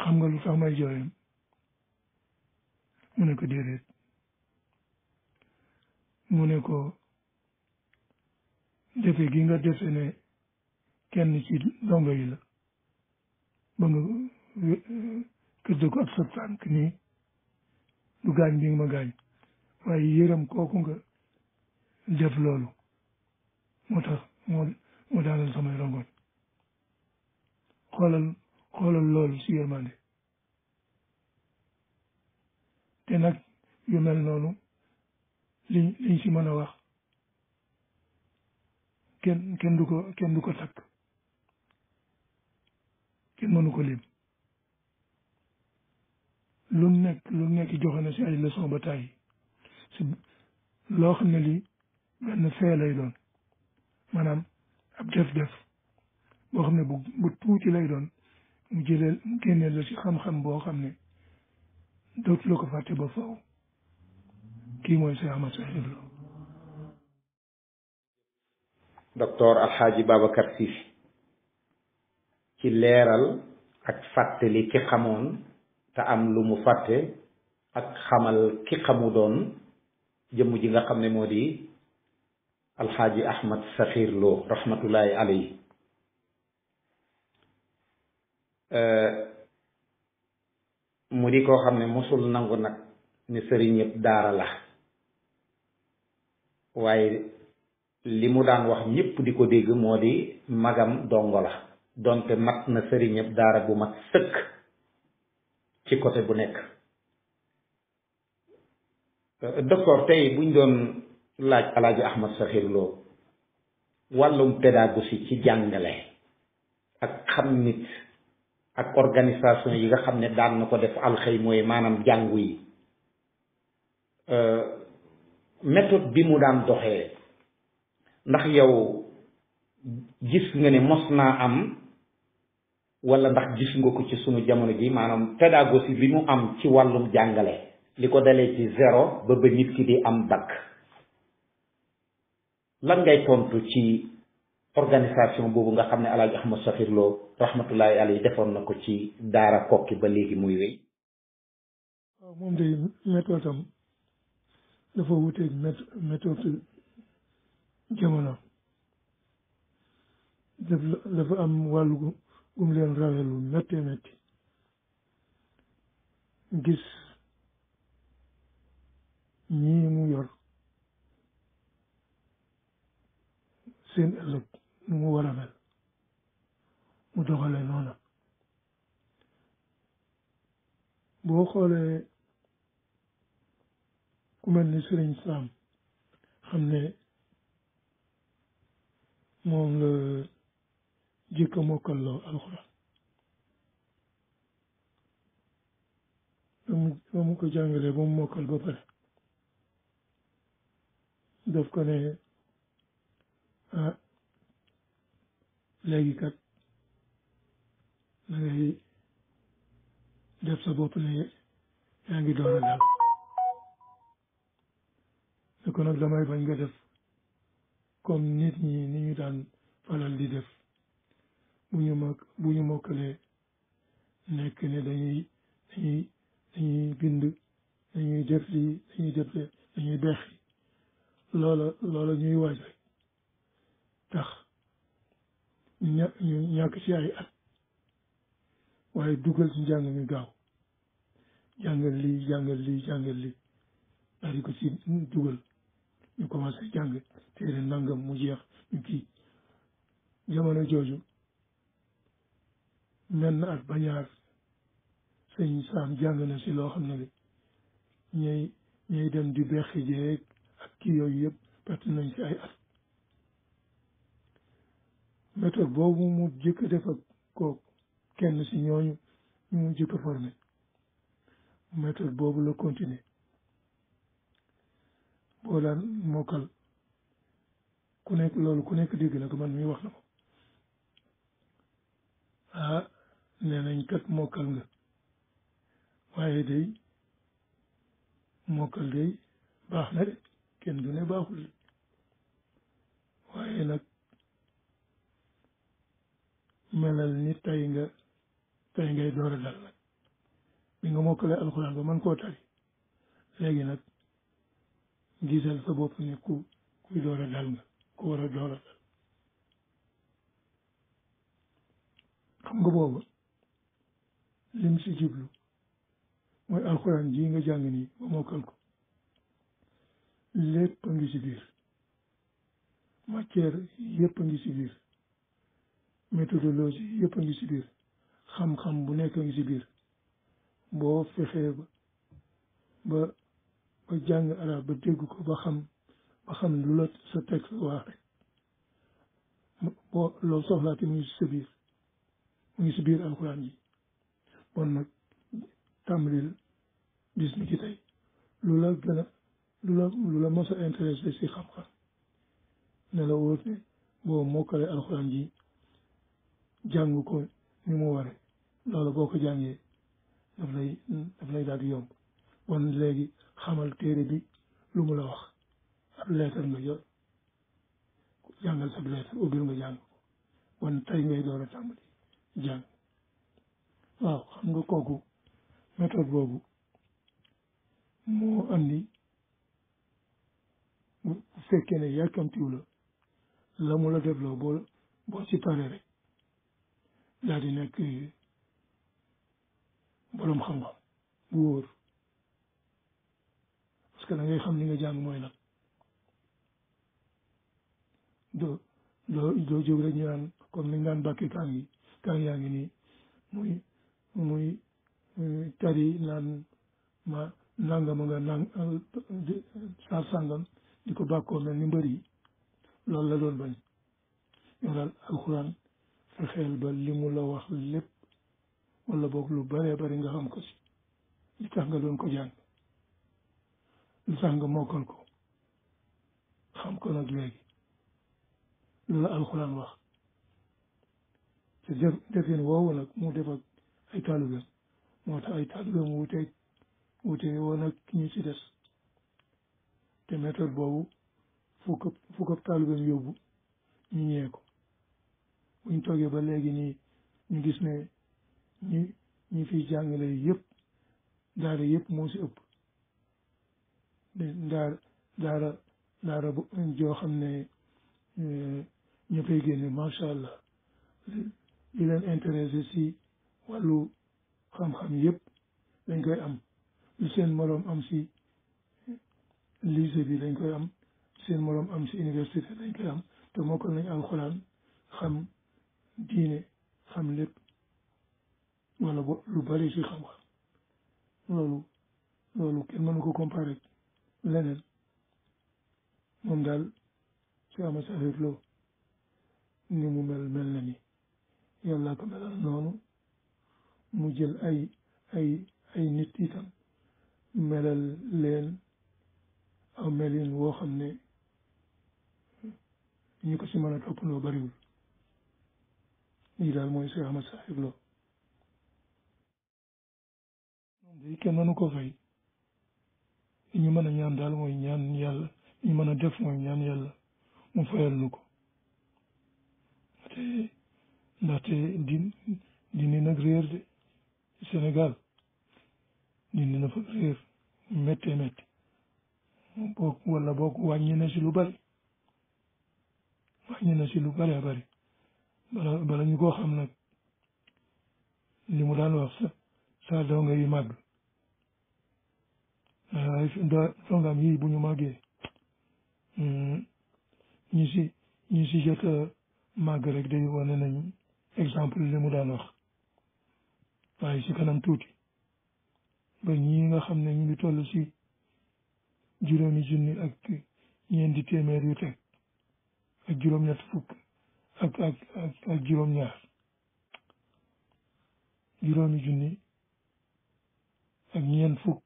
xam nga lu tax may jooyam mu ne ko déedéet mu ne ko defe gi nga defe ne kenn ci dongo yi la ba nga këdde ko ab sa tànk nii du gaañ bi nga ma gaañ waaye yërëm kooku nga def loolu moo tax moo moo daanal samay rongoon xoolal xoolal loolu si yërmande te nag yu mel noonu liñ liñ ci mën a wax kenn kenn du ko kenn du ko takk kenn mënu ko lim lu nekk lu nekk joxe na ci ay leçon ba tàyyi ci loo xam ne lii benn fee lay doon maanaam ab def-def boo xam ne bu bu tuuti lay doon mu jëlee mu génnee la ci xam-xam boo xam ne dootuloo ko fàtte ba faw Alxaaji Babacar Sy ci leeral ak fàttali ki xamoon te am lu mu fàtte ak xamal ki xamu doon jëmm ji nga xam ne moo di Alxaaji Ahmad Sakhir Lo rahmatullahi alayhi euh, mu di koo xam ne mosul nangu nag ne sëriñ daara la waaye li mu daan wax ñépp di ko dégg moo di magam dongo la donte mat na sëriñ yëpp daara bu mat sëkk ci côté bu nekk euh, docteur tey buñ doon laaj alaaji ahmad saxir loo wàllum pédagogie ci jàngale ak xam nit ak organisation yi nga xam ne daan na ko def alxey mooy maanaam jàngu yi euh, méthode bi mu daan doxee ndax yow gis nga ne mos naa am wala ndax gis nga ko ci sunu jamono ji maanaam pédagogie bi mu am ci wàllum jàngale li ko dalee ci zéro ba ba nit ki di am bac lan ngay tontu ci organisation boobu nga xam ne alaaji ahmad saxir loo rahmatullahi alayhi defoon na ko ci daara kokki ba léegi muy wéy waaw moom day méthode am dafa wuteeg méthode jamono dafa am wàllu gum leen rawee lu méttee gis ñii mu yor seen ëllëg nu mu war a mel mu doxale noona boo xoolee ku mel ni sëriñ Saam xam ne moom la jëkk a mokkal loo alxuraan ba mu ko jàngalee ba mu mokkal ba pare daf ko ne ah léegi kat da ngay def sa bopp ne yaa ngi door a dal ne damay bañ nga def comme nit ñi ni ñu daan falal di def bu ñu mag bu nekk ne dañuy dañuy dañuy bind dañuy def si dañuy def dañuy deqi loola loola ñuy waaj rek tax ñu ñu ñàkk ci ay at waaye dugal ci njàng mi gaaw jàng lii jàng lii jàng lii daal ko ci dugal ñu commencé jàng téere nangam mu jeex ñu kii jamono jooju menn at bañaar sëñ saam jàng na si loo xam ne li ñay ñay dem di beqi jeeg ak kii yooyu yëpp perte nañ ay at méthode boobu mu jëkk def ak ko kenn si ñooñu ñu mu jëkk formé méthode boobu la continuer boo daan mokkal ku nekk loolu ku nekk dégg la ko man mi wax na ko ah nee nañ kat mokkal nga waaye day mokkal day baax na de kenn du ne baaxul waaye nag melal ni tey nga tey ngay door dal nag bi nga mokkale alxuraan ba man koo tari léegi nag gisal sa bopp ne ku kuy door dal nga ku war a door dal xam nga boobu lim si jiblu mooy alxuraan ji nga jàng nii ba mokkal ko lépp a ngi si biir matière yépp a ngi si biir méthodologie yëpp a ngi si biir xam-xam bu nekk a ngi ci biir boo fexee ba ba ba jàng arab ba dégg ko ba xam ba xam lu la sa texte wax rek boo loolu soxlaate mu ngi ci sa biir mu ngi ci biir alxuraan yi bon nag tàmbalil bis ni ki tey lu la gën a lu la lu la mos a intéressé xam-xam ne la wóor boo mokkale alxuraan ji jàng ko ni mu ware loolu boo ko jàngee daf lay daf daal di yomb wan léegi xamal téere bi lu mu la wax ab leetar nga jot jàngal sa leetar nga jàng ko wan tey ngay door a tàmbali jàng waaw xam nga kooku méthode boobu moo andi bu fekkee ne yàkkamtiw la la mu la defloo boo ci paree daal nekk boroom xam-xam bu wóor parce que da ngay xam ni nga jàng mooy lan doo doo doo jóg rek ñu naan comme ni daan bàkkee kàng yi kàng yaa ngi nii muy muy tari naan ma nangama nga nang saar sàngam di ko bàkkoo mel ni mbër yi loolu la doon bañ yow daal alxuraan fexeel ba li mu la wax lépp wala boog lu baree bëri nga xam ko si li tax nga doon ko jàng li tax nga mokkal ko xam ko nag léegi lu la alxulaan wax te def defeen woowu nag mu def ak ay taalibeem moo tax ay taalibeem wutee wutee woon ak ñu ci des te méthode boobu fu ko fu ko yóbbu ñu ñëwee ko buñ toogee ba léegi nii ñu gis ne ñi ñi fiy jàngale yëpp daara yëpp moo si ëpp daara daara daara bu joo xam ne eh, ña fay génne macha allah li leen intéressé si wàllu xam-xam yëpp dañ koy am lu seen moroom am si lycée bi dañ koy am seen moroom am si université dañ koy am te mokkal nañ alxuraan xam diine xam lépp wala bo lu bari ci xam-xam loolu loolu kenn mënu ko comparé leneen moom daal ci ama safir loo ni mu mel mel na ni yàlla ko melal noonu mu jël ay ay ay nit itam melal leen aw melin woo xam ne ñu ko ci mën a toppandoo bariwul lii daal mooy Cheikh Ahmad Sakhir Lo moom day kenn mënu ko fay li ñu mën a ñaan daal mooy ñaan yàlla ñu mën a def mooy ñaan yàlla mu fayal nu ko te ndaxte din dindi nag réer de Sénégal dindi na fa réer méttee métti boog wala boog wàññi na si lu bari wàññi na si lu bari a bala bala ñu koo xam nag li mu daan wax sa saa donga yi màgg ah, ay dongaam yi bu ñu màggee hmm, ñu si ñu si jot màgg rek day wane nañ exemple li mu daan wax waaye si kanam tuuti ba ñii nga xam ne ñu ngi toll si juróomi junni ak ñeenti téeméer yu teg ak juróom-ñett fukk ak ak ak juróom-ñaar juróomi junni ak ñeent fukk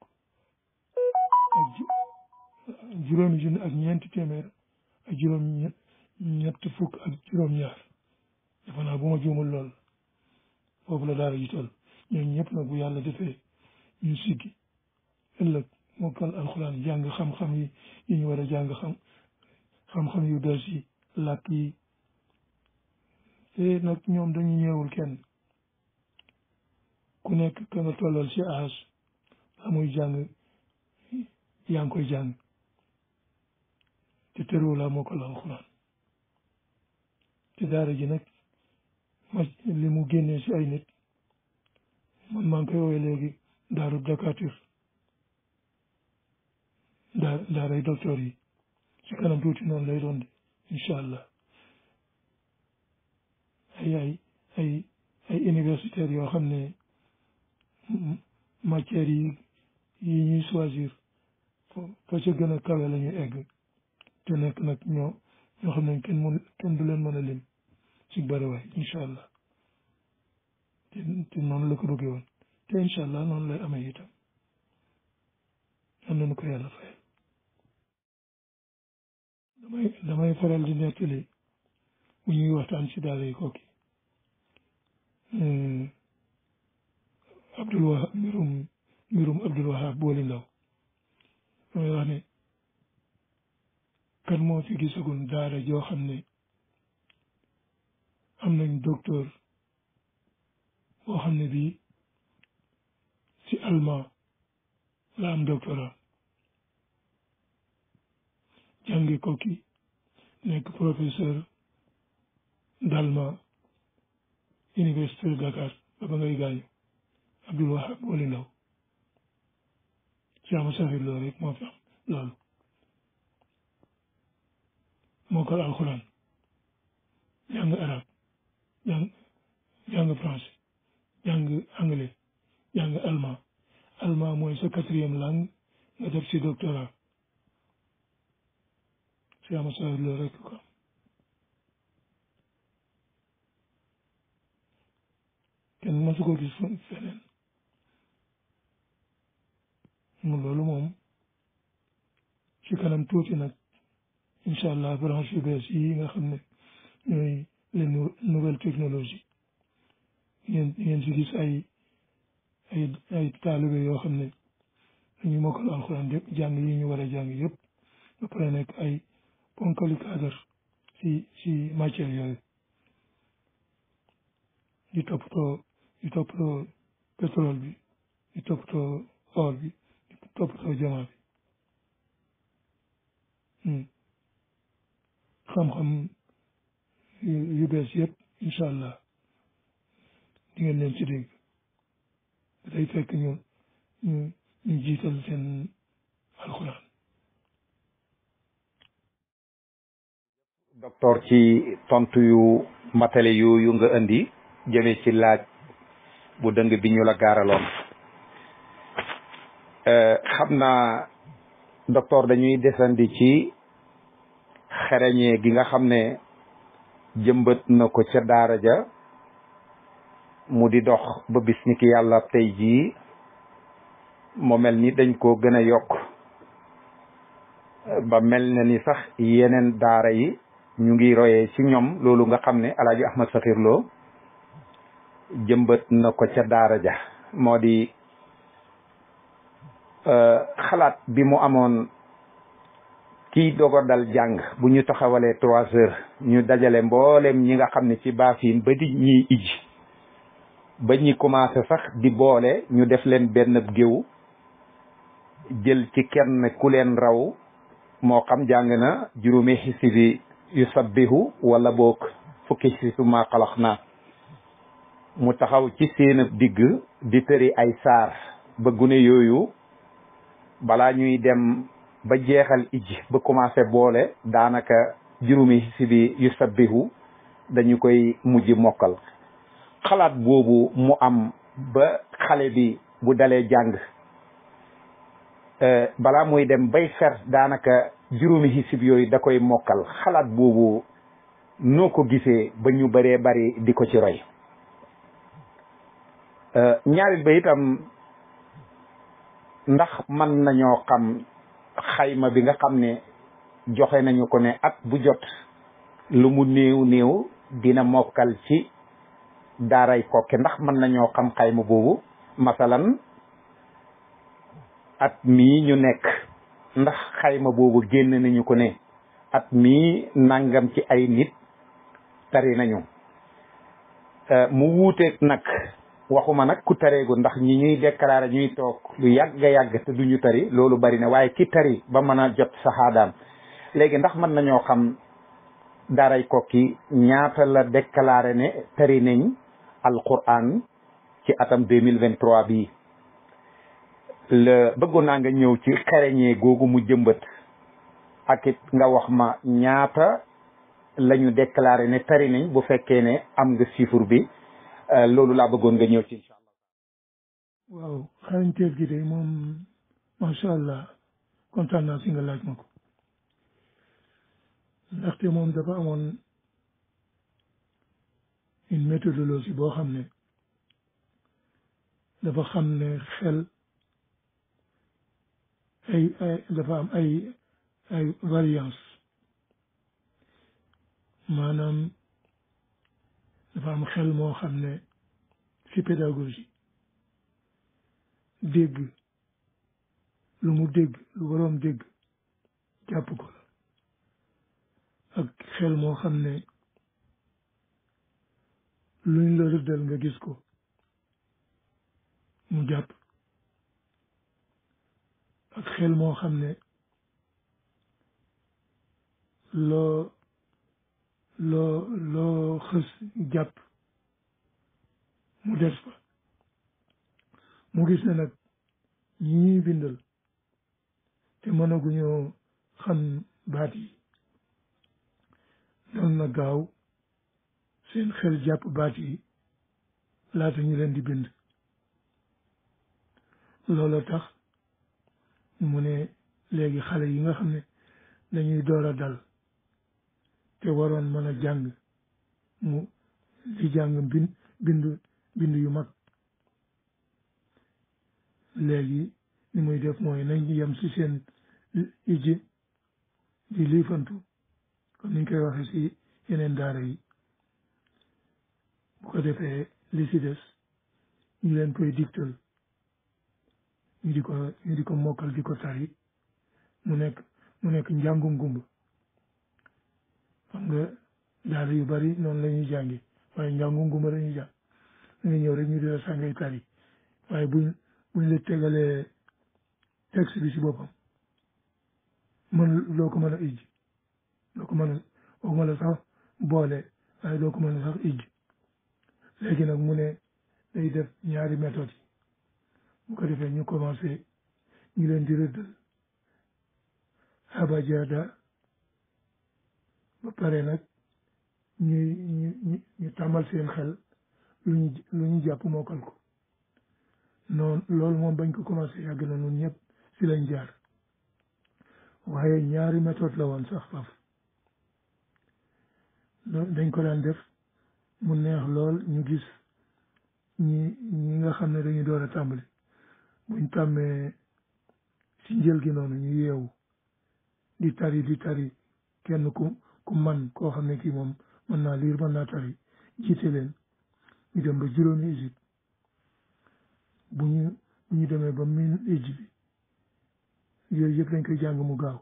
ak juróomi junni ak ñeenti téeméer ak juróom ñett fukk ak juróom-ñaar defe naa bu ma juumul lool foofu la daara ji toll ñoom ñëpp bu yàlla defee ñu siggi ëllëg mokkal alxuraan jàng xam-xam yi yi ñu war a jàng xam xam-xam yu bees yi yi te nag ñoom dañu ñëwul kenn ku nekk ka nga tollal ci âge amuy jàng yaa ngi koy jàng te tëroo laa moo la alxuraan te daara ji nag ma li mu génnee ci ay nit man maa ngi koy woowee léegi daaru dakatur daar daaray docteur yi ci kanam tuuti noonu lay doon de allah ay ay ay ay yoo xam ne matières yi yi ñuy choisir fa ca gën a kawe la ñu egg te nekk nag ñoo ñoo xam ne kenn mun du leen mën a lim si bariwaay incha allah te noonu la ko bëggee woon te incha allah noonu lay amee itam am nañu ko yàlla fayal damay damay faral di nettali bu ñuy waxtaan si daara yi kooki Mm. Abdul Wahab mbirum mbirum Abdul Wahab booli ndaw mooy wax ne kan moo fi gisagun daara joo xam ne am nañ docteur boo xam ne bii ci allemand la am doctorat jànge ko nekk professeur d'allemand université Dakar ba ba ngay gaañu Abdoul Wahab Wali Ndaw Cheikh Massafir loolu rek moo fi loolu moo alxuraan jàng arab jàng jàng anglais jàng allemand allemand mooy sa quatrième langue nga def si doctorat Cheikh Massafir loolu rek ko kenn mësu ko feneen mu loolu moom ci kanam tuuti nag allah branche yu yi nga xam ne ñooy les nouvelles technologies ngeen ngeen si ay ay ay taalibe yoo xam ne dañuy mokkal alxuraan yëpp jàng yi ñu war a jàng yëpp ba pare nekk ay ponkali cadre si si matière yooyu di toppatoo di toppatoo pétrole bi di toppatoo or bi di toppatoo jamaa bi hmm. xam-xam yu bees yëpp incha allah di ngeen leen ci dégg day fekk ñu ñu jiital seen alxuraan. docteur ci tontu yu matale yu yu nga indi jëmee ci laaj. bu dëng bi ñu la gaaraloon eh, xam naa docteur dañuy desandi ci xereñee gi nga xam ne jëmbët na ko ca daara ja mu di dox ba bis yàlla tey jii moo mel ni dañ koo gën a yokk eh, ba mel na ni sax yeneen daara yi ñu ngi royee ci ñoom loolu nga xam ne alaaji ahmad saxir loo jëmbët na ko ca daara ja moo di euh, xalaat bi mu amoon kiy dogo dal jàng bu ñu taxawalee trois heures ñu dajale mbooleem ñi nga xam ne ci baafin ba di ñuy ij ba ñi commencé sax di boole ñu def leen benn géew jël ci kenn ku leen raw moo xam jàng na juróomi xisbi yu sabbihu wala boog fukki xisbi maa xalax naa mu taxaw ci seen digg di tëri ay saar ba gune yooyu balaa ñuy dem ba jeexal ij ba commencé boole daanaka juróomi si yu sabbihu dañu koy mujj mokkal xalaat boobu mu am ba xale bi bu dalee jàng euh, balaa muy dem bay fer daanaka juróomi hisib yooyu da koy mokkal xalaat boobu noo ko gisee ba ñu bëree bari di ko ci roy Euh, ñaareel ba itam ndax man nañoo xam xayma bi nga xam ne joxe nañu ko ne at bu jot lu mu néew néew dina mokkal ci daaray kokke ndax mën nañoo xam xayma boobu masalan at mii ñu nekk ndax xayma boobu génn nañu ko ne at mii nangam ci ay nit tari nañu euh, mu wuuteeg nag waxuma nag ku tareegu ndax ñi ñuy déclaré ñuy toog lu yàgg yàgg te duñu tari loolu bari na waaye ki tari ba mën a jot saxaadaam léegi ndax mën nañoo xam daaray kokki ñaata la déclaré ne tari nañ alquran ci atam 2023 bii la bëggoon naa nga ñëw ci xereñee googu mu jëmbat ak it nga wax ma ñaata lañu déclaré ne tari nañ bu fekkee ne am nga chiffre bi Euh, loolu laa bëggoon nga ñëw ci incha allah. waaw xarañteef gi de moom macha allah kontaan naa si nga laaj ma ko ndaxte moom dafa amoon une méthodologie boo xam ne dafa xam ne xel ay ay dafa am ay ay variance maanaam dafa am xel moo xam ne ci pédagogie dégg lu mu dégg lu boroom dégg jàpp ko ak xel moo xam ne luñ la rëddal nga gis ko mu jàpp ak xel moo xam ne loo loo loo xës jàpp mu des fa mu gis ne nag ñi bindal te mënaguñoo xam baat yi doon na gaaw seen xel jàpp baat yi laata ñu leen di bind loola tax mu ne léegi xale yi nga xam ne dañuy door a dal te waroon mën a jàng mu di jàng bind bindu yu mag léegi ni muy def mooy nañ yem si seen ijji di liifantu comme niñ koy waxe si yeneen daara yi bu ko defee li si des ñu leen koy digtal ñu di ko ñu di ko mokkal ko tari mu nekk mu nekk njàngum gumba xam nga daara yu bari noonu la ñuy jàngi waaye njàngu nguma a ñuy jàng da nga ñëw rek ñu dila sàngay tari waaye bu buñ la tegalee texte bi si boppam mën loo ko mën a ijji loo ko mën a waxuma sax boole waaye loo ko mën a sax ijji léegi nag mu ne day def ñaari méthode yi bu ko defee ñu commencé ñu leen di rëddal habajada ba pare nag ñuy ñu ñu tàmmal seen xel lu ñu lu ko noonu loolu moom bañ ko commencé yàgg na ñun ñëpp si lañ jaar waaye ñaari méthode la woon sax faf dañ ko daan def mu neex lool ñu gis ñi ñi nga xam ne dañu door a tàmbali buñ tàmmee si njël gi noonu ñu yeewu di tari di tari kenn ku ku man koo xam ne kii moom mën naa liir mën naa tari jiite leen ñu dem ba juróomi Égypte bu ñu bu ñu demee ba min Égypte bi yooyu yëpp dañ koy jàng mu gaaw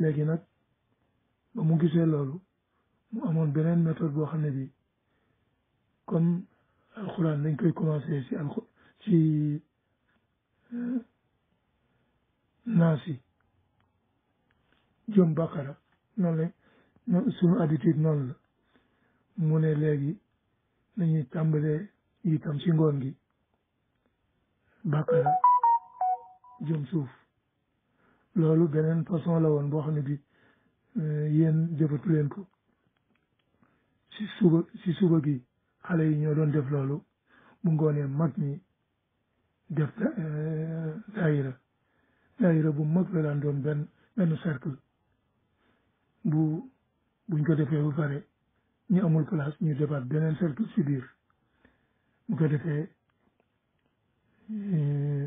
léegi nag ba mu gisee loolu mu amoon beneen méthode boo xam ne bi comme alxuraan dañ koy commencé ci alxu ci euh, naasi jëm bakara noonu la noonu suñu attitude noonu la mu ne léegi nañuy tàmbalee itam ci ngoon gi bàkkara jëm suuf loolu beneen façon la woon boo xam ne bi euh, yéen jëfatu leen ko si suba si suba gi xale yi ñoo doon def loolu bu ngoonee mag ñi def euh, daayira daayira bu mag la daan doon benn benn cercle bu buñ ko defee bu pare ñu amul place ñu defaat beneen cercle si biir bu ko defee eh,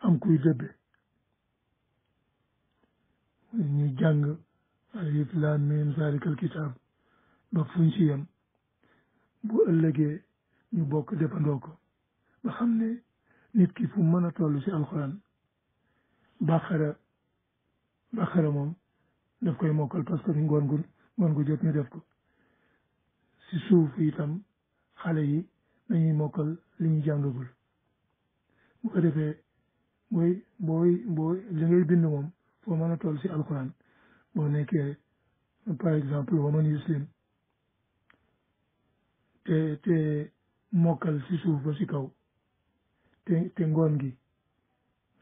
am kuy dëbbe ñu jàng alif laam miim zalikal kitaab ba fuñ ci yem bu ëllëgee ñu bokk defandoo ko ba xam ne nit ki fu mën a toll ci alxuraan bàqara bàqara moom daf koy mokkal parce que ngoon gu ngoon gu jot ñu def ko si suuf itam xale yi dañuy mokkal li ñu jàngagul bu ko defee booy booy booy li ngay bind moom foo mën a toll si alquran boo nekkee par exemple waman yuslim te te mokkal si suuf ba si kaw te te ngoon gi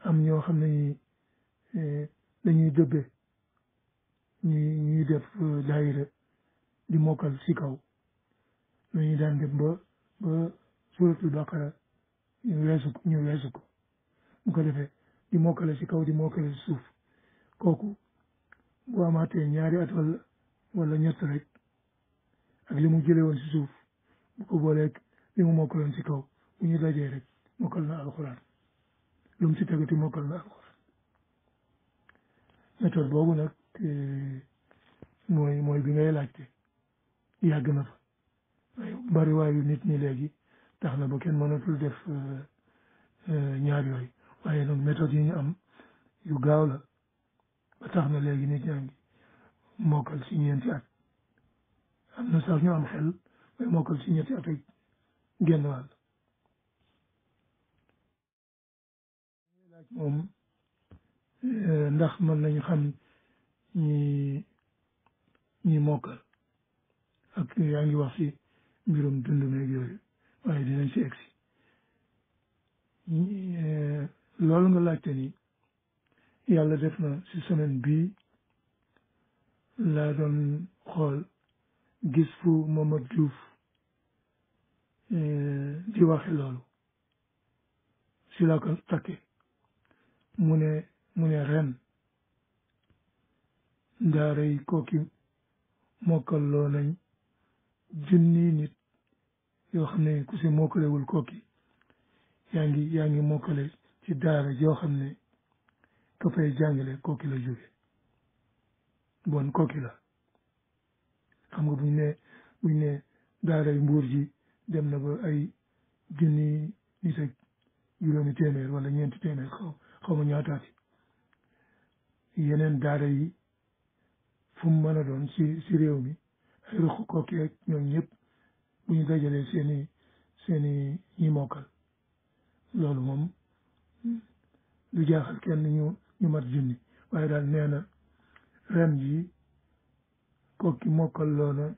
am ñoo xam ne dañuy eh, dëbbe ñuy ñuy def euh, daayira di mokkal si kaw lañuy daan def ba ba suratul ñu weesu ko ñu weesu ko bu defee di mokkale si kaw di mokkale si suuf kooku bu amaatee ñaari at wala wala ñett rek ak li mu jëlee woon si suuf bu ko booleeg li mu mokkaloon si kaw bu ñu dajee rek mokkal na alxuraan lu mu si tegati mokkal na alxuraan méthode boobu nag te hmm. mooy mooy bi ngay laajte yàgg na fa waaye bariwaayu nit ñi léegi tax na ba kenn mënatul def euh, euh, ñaar yooyu waaye nag méthode yi ñu am yu gaaw la ba tax na léegi nit ñaa ngi mokkal si ñeenti at am na sax ñu am xel mais mokkal si ñeenti at ak genn wàll euh, ndax mën nañu xam ñi ñi mokkal ak yaa ngi wax si mbirum dund meeg yooyu waaye dinañ si egsi loolu nga laajte ni yàlla def na si semaine bii laa doon xool gis fu Mamadou Diouf eh, di waxe loolu si laa ko takke mu ne mu ne ren daara yi kooki mokkal loo nañ junni nit yoo xam ne ku si mokkalewul kooki yaa ngi yaa ngi mokkale ci daara yoo xam ne ka fay jàngale kooki la jóge bon kooki la xam nga buñ ne buñ ne daaray mbuur ji dem na ba ay junni nit ak juróomi téeméer wala ñeenti téeméer xaw xaw ma yeneen daara yi fu mu mën a doon ci si réew mi ay ruq kooki ak ñoom ñëpp bu ñu dajalee seen seeni seen ñi mokkal loolu moom lu jaaxal kenn ñu mat junni waaye daal nee na ren ji kooki mokkal loona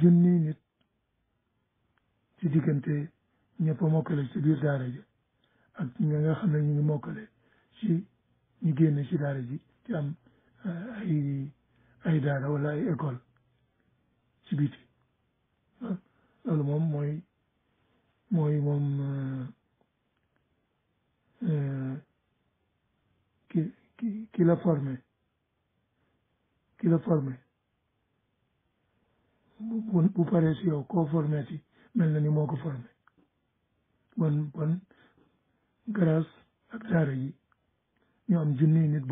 junni nit ci diggante ñëpp a mokkale ci biir daara ji ak nga xam ne ñu ngi mokkale ci ñu génn ci daara ji ci am ay daara wala ay école ci ah, loolu moom mooy mooy moom eh, eh, ki ki ki la formé bu bu si yow koo formé ci mel na ni moo ko bon bon grâce ak daara am junniy nit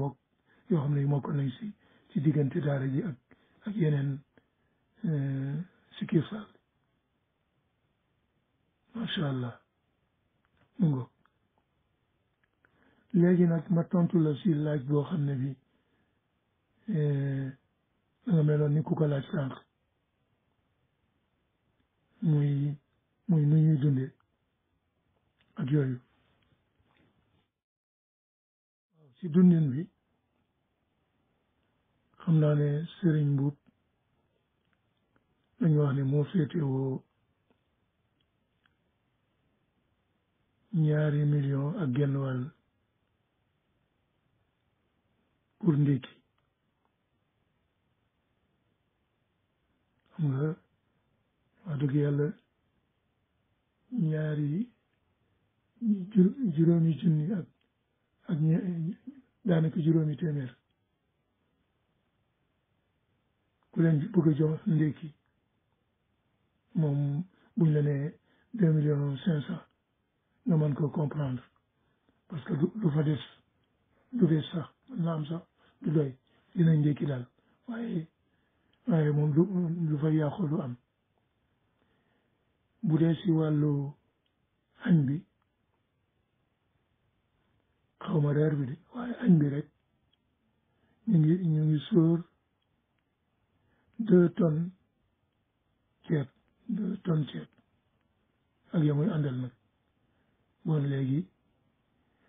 yoo xam ne moo ko nañ si ci diggante daara ji ak ak yeneen eh, succursale macha allah mu ngo léegi nag ma tontu la si laaj boo xam ne bi da eh, nga meloon ni ku ko laaj muy muy nu ñuy dundee ak yooyu si dundin bi xam naa ne Serigne Mbuub dañ wax ni moo féetewoo ñaari million ak genn wàll pour ndékki xam nga wax dëgg yàlla ñaari juróomi junni ak ak daanaka juróomi téeméer ku leen bëgg a jox ndékki buñ la nee deux millions cinq cent nga mën ko comprendre parce que du fa des du des sax na am sax du doy dinañ ndékki daal waaye waaye moom du fa yàqu du am bu dee si wallu añ bi xaw ma reer bi de waaye añ bi rek ñu ngi ñu deux tonnes ceeb deux tonnes ceeb ak ya muy nag bon léegi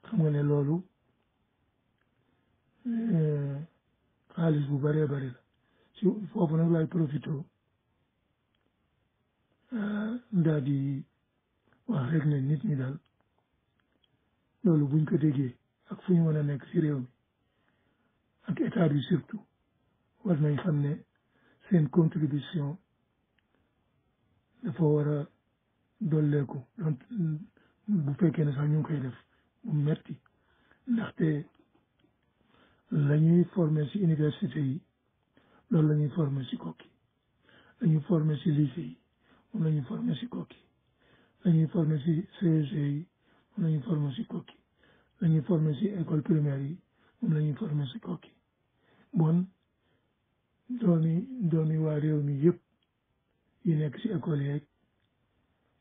xam nga ne loolu eh, xaalis bu bëree bëri la si foofu nag laay profité eh, ndaa di wax rek ne nit ñi daal loolu buñ ko déggee ak fu ñu mën a nekk ci réew mi ak état bi surtout war nañ xam ne seen contribution dafa war a dolleeku donc bu fekkee ne sax ñu ngi koy def bu metti ndaxte la ñuy former ci université yi loolu la ñuy former ci kokki la ñuy former ci yi moom la ñuy former ci kokki la ñuy former ci CEG yi moom la ñuy former ci kokki la ñuy former ci école primaire yi moom la ñuy former kokki doomi doomi waa réew mi yëpp yi nekk ci école yeeg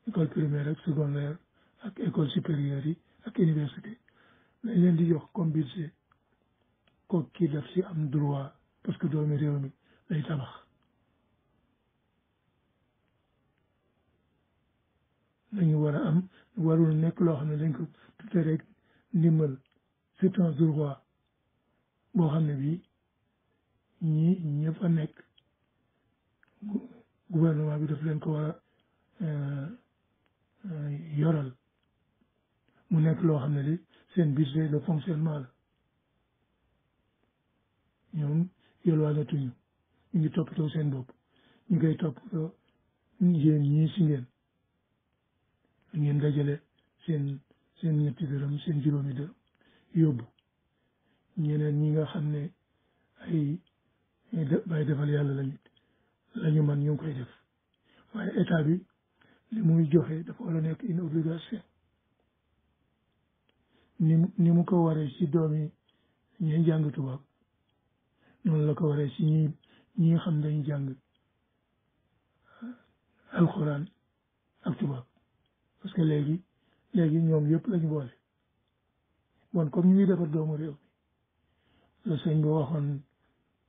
école primaire ak secondaire ak école supérieure yi ak université lañ leen di jox comme budget kooku kii daf ci am droit parce que doomi réew mi lay tabax nañu war a am warul nekk loo xam ne dañ ko tuddee rek ndimbal c'est un droit boo xam ne bii ñi ñëpp a nekk gouvernement bi daf leen ko war euh, euh, yoral mu nekk loo xam ne li seen bis de fonctionnement la ñoom yolwaanatuñu ñu ngi toppatoo seen bopp ñu koy toppatoo yéen ñii si ngeen ngeen dajale seen seen ñetti dërëm seen juróomi dërëm yóbbu ñeneen ñi nga xam ne ay ñu def bàyyi defal yàlla lañu la man ñu koy def waaye état bi li muy joxee dafa war a nekk une obligation ni mu ni mu ko waree si doom yi ñuy jàng tubaab noonu la ko waree si ñi ñi xam dañ jàng ah, alxuraan ak tubaab parce que léegi léegi ñoom yëpp lañ boole bon comme ñu ngi defar doomu réew mi la sëñ bi waxoon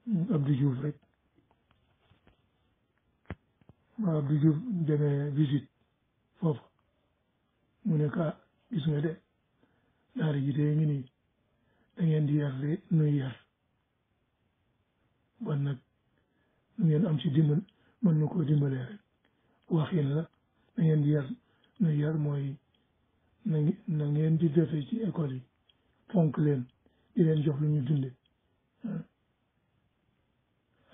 Abdou Diouf rek ba Abdou Diouf demee visite foofu mu ne ka gis nga de daara ji tey ngi nii da ngeen di yar de nuy yar bon nag nu ngeen am ci dimbal mën na koo dimbalee rek waxin la da ngeen di yar nuy yar mooy na ngeen di defe ci école yi fonk leen di leen jox lu ñu dunde ah.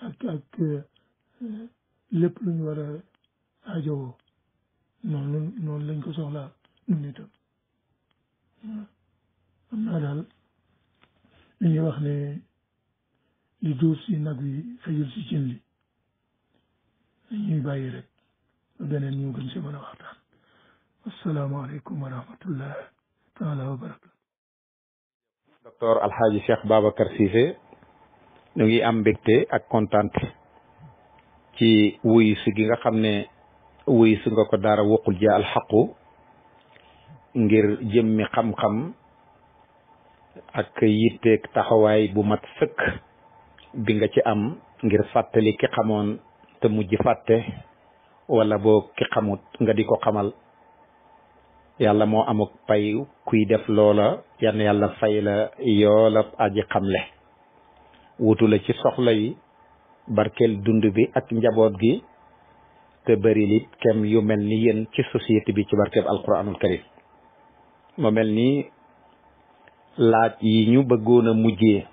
ak ak mm-hmm. lépp lu ñu war a aajowoo noonu noonu lañ ko soxlaa ñun itam mm-hmm. am naa daal li ñuy wax ne li duuf si nag yi xëjul si cin li dañuy rek ba beneen ñu gën si mën a waxtaan asalaamaaleykum wa rahmatullah taala wa barakatu docteur alhaaji cheikh babacar Cissé ñu ngi am mbégte ak kontaan ci wuyu si nga xam ne wuyu si nga ko dara waqul ja alxaqu ngir jëmmi xam-xam ak yitteeg taxawaay bu mat sëkk bi nga ci am ngir fàttali ki xamoon te mujj fàtte wala boo ki xamut nga di ko xamal yàlla moo amuk pay kuy def loola yan yàlla fay la yoola aji xamle wutu la ci soxla yi barkeel dund bi ak njaboot gi te bëri li kem yu mel ni yéen ci société bi ci barkeeb alquranul karim mu mel ni laaj yi ñu bëggoon a mujjee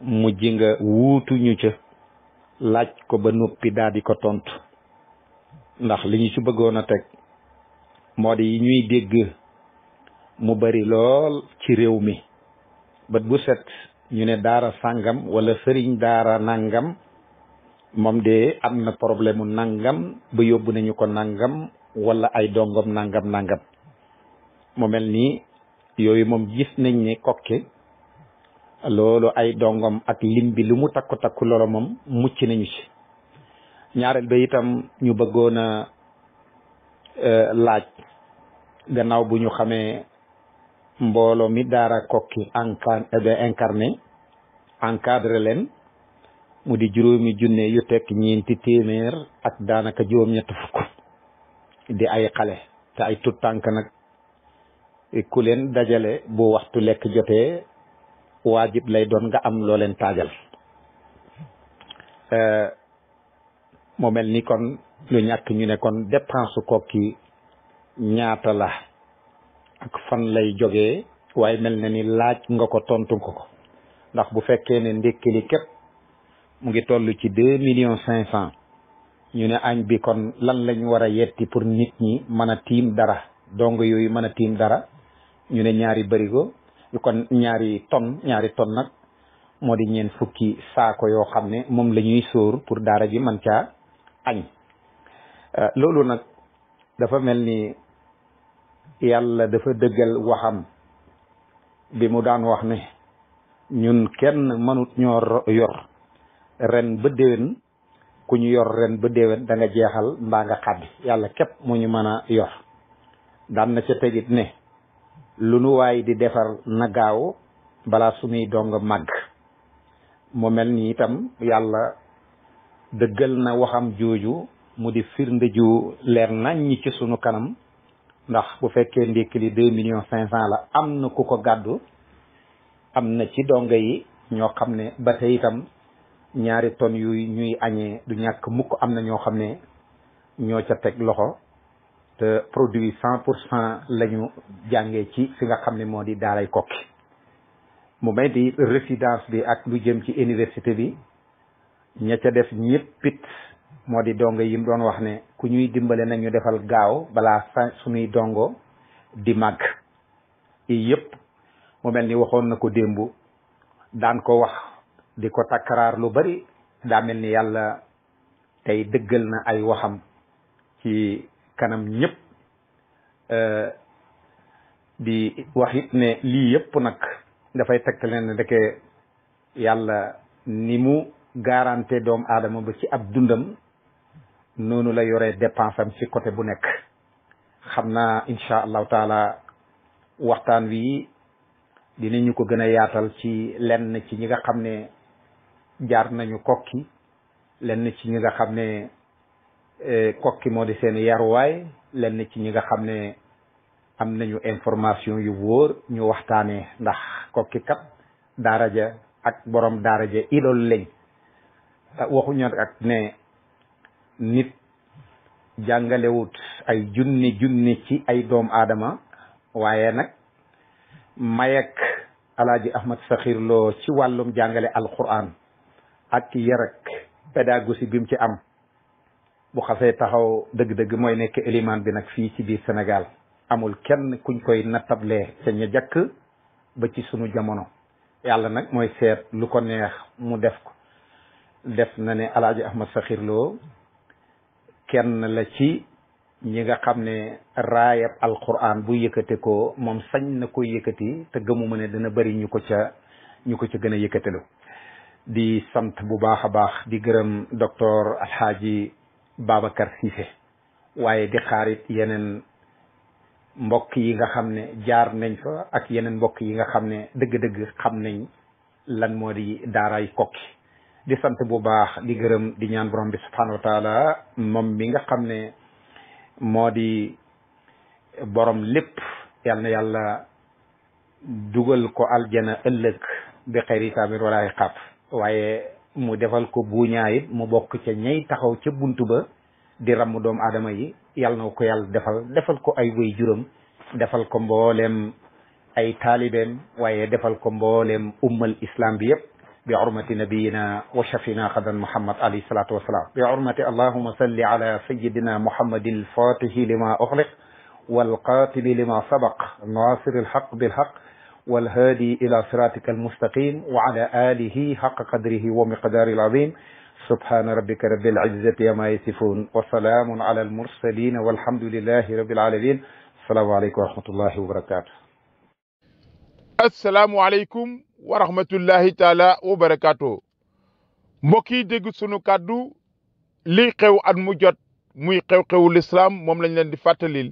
mujj nga wuutu ñu ca laaj ko ba noppi daal di ko tontu ndax li ñu ci bëggoon a teg moo di yi ñuy dégg mu bari lool ci réew mi bët bu set ñu ne daara sàngam wala sëriñ daara nangam moom de am na problème mu nangam ba yóbbu nañu ko nangam wala ay dongom nangam nangam mu mel nii yooyu moom gis nañ ne kokke loolu ay dongom ak lim bi lu mu takku takku loolu moom mucc nañu ci ñaareel ba itam ñu bëggoon a euh, laaj gannaaw bu ñu xamee mbooloo mi daara kokki enca incarné leen mu di juróomi junne yu teg ñeenti téeméer ak daanaka juróom-ñett fukk di ay xale te ay tut tànk e ku leen dajale bu waxtu lekk jote waajib lay doon nga am loo leen taajal e, mu mel ni kon lu ñàkk ñu ne kon dépense kokki ñaata la ak fan lay joge waaye mel na ni laaj nga ko tontu ko ko ndax bu fekkee ne ndékki li képp mu ngi toll ci deux millions cinq cent ñu ne añ bi kon lan lañ war a yetti pour nit ñi mën a tiim dara dong yooyu mën a tiim dara ñu ne ñaari bërigo kon ñaari ton ñaari ton nag moo di ñeen fukki saako yoo xam ne moom lañuy ñuy pour daara ji man caa añ euh, loolu nag dafa mel ni yàlla dafa dëggal waxam bi mu daan wax ne ñun kenn mënut ñoo yor ren ba déwén ku ñu yor ren ba déwén da jeexal mbaa nga xàddi yàlla képp mu ñu mën a yor daan na ca tegit ne lu nu waay di defar na gaaw balaa suñuy dong màgg mu mel ni itam yàlla dëggal na waxam jooju mu di firnde ju leer nañ ñi ci sunu kanam ndax bu fekkee ndékki li deux millions cinq cent la am na ku ko gàddu am na ci donga yi ñoo xam ne ba tey itam ñaari tonnes yu ñuy añee du ñàkk mukk am na ñoo xam ne ñoo ca teg loxo te produit cent pour cent la ñu jàngee ci fi nga xam ne moo di daaray kokki mu may di résidence bi ak lu jëm ci université bi ña ca def ñëppit moo di dongo yim doon wax ne ku ñuy dimbale nañu defal gaaw balaa sa suñuy dongo di màgg yi yëpp mu mel ni waxoon na ko démb daan ko wax di ko takkaraar lu bari daa mel ni yàlla tey dëggal na ay waxam ci kanam ñëpp di wax ne lii yëpp nag dafay tegtale ne ndeke yàlla ni mu garanté doomu aadama ba ci ab dundam noonu la yore dépense am ci côté bu nekk xam naa incha allahu taala waxtaan wi ñu ko gën a yaatal ci lenn ci ñi nga xam ne jaar nañu kokki lenn ci ñi nga xam ne eh, kokki moo di seen yaruwaay lenn ci ñi nga xam ne am nañu information yu wóor ñu waxtaanee ndax kokki kat daara ja ak boroom daara ja idool lañ waxuñu ak ne nit jàngalewut ay junni junni ci ay doom aadama waaye nag mayek alaaji ahmad saxir loo ci wàllum jàngale alquran ak yarak pédagogie si mu ci am bu xasee taxaw dëgg-dëgg mooy nekk élimaan bi nag fii ci biir Sénégal amul kenn kuñ koy nattablee ca ña jàkk ba ci sunu jamono yàlla nag mooy seet lu ko neex mu def ko def na ne alaaji ahmad saxir loo kenn la ci ñi nga xam ne raayab alquran bu yëkkate ko moom sañ na ko yëkkati te gëmuma ne dana bëri ñu ko ca ñu ko ca gën a yëkkatalu di sant bu baax a baax di gërëm doktor alxaaji babakar Cissé waaye di xaarit yeneen mbokk yi nga xam ne jaar nañ fa ak yeneen mbokk yi nga xam ne dëgg-dëgg xam nañ lan moo di daaray kokki di sant bu baax di gërëm di ñaan borom bi subhanahu wa moom mi nga xam ne moo di boroom lépp yal na yàlla dugal ko aljana ëllëg bi xëyri saabir walaay xaab waaye mu defal ko buuñaayit mu bokk ca ñay taxaw ca bunt ba di ramm doomu aadama yi yàlla na ko yàlla defal defal ko ay wéy juróom defal ko mbooleem ay taalibeem waaye defal ko mbooleem ummal islam bi yëpp bi hurmati nabiyina wa shafina xadan muhammad alayhi salaatu wasalaam bi hurmati allahuma salli ala sayidina muhammadil fatihi lima uxliq walqaatili lima sabaq nasiri alxaq bilxaq walhaadi ila siratika almustaqim wa ala alihi xaqa qadrihi wa miqdaari alazim subhaana rabbika rabbil izzati ama yasifun wa salaamun ala almursalin walhamdulilahi rabbil alamin asalaamaaleykum wa rahmatullahi wa barakatu asalaamualeykum wa rahmatullahi taala wa barakaatu mbokk yi dégg sunu kàddu liy xew at mu jot muy xew-xewu lislaam moom lañ leen di fàttalil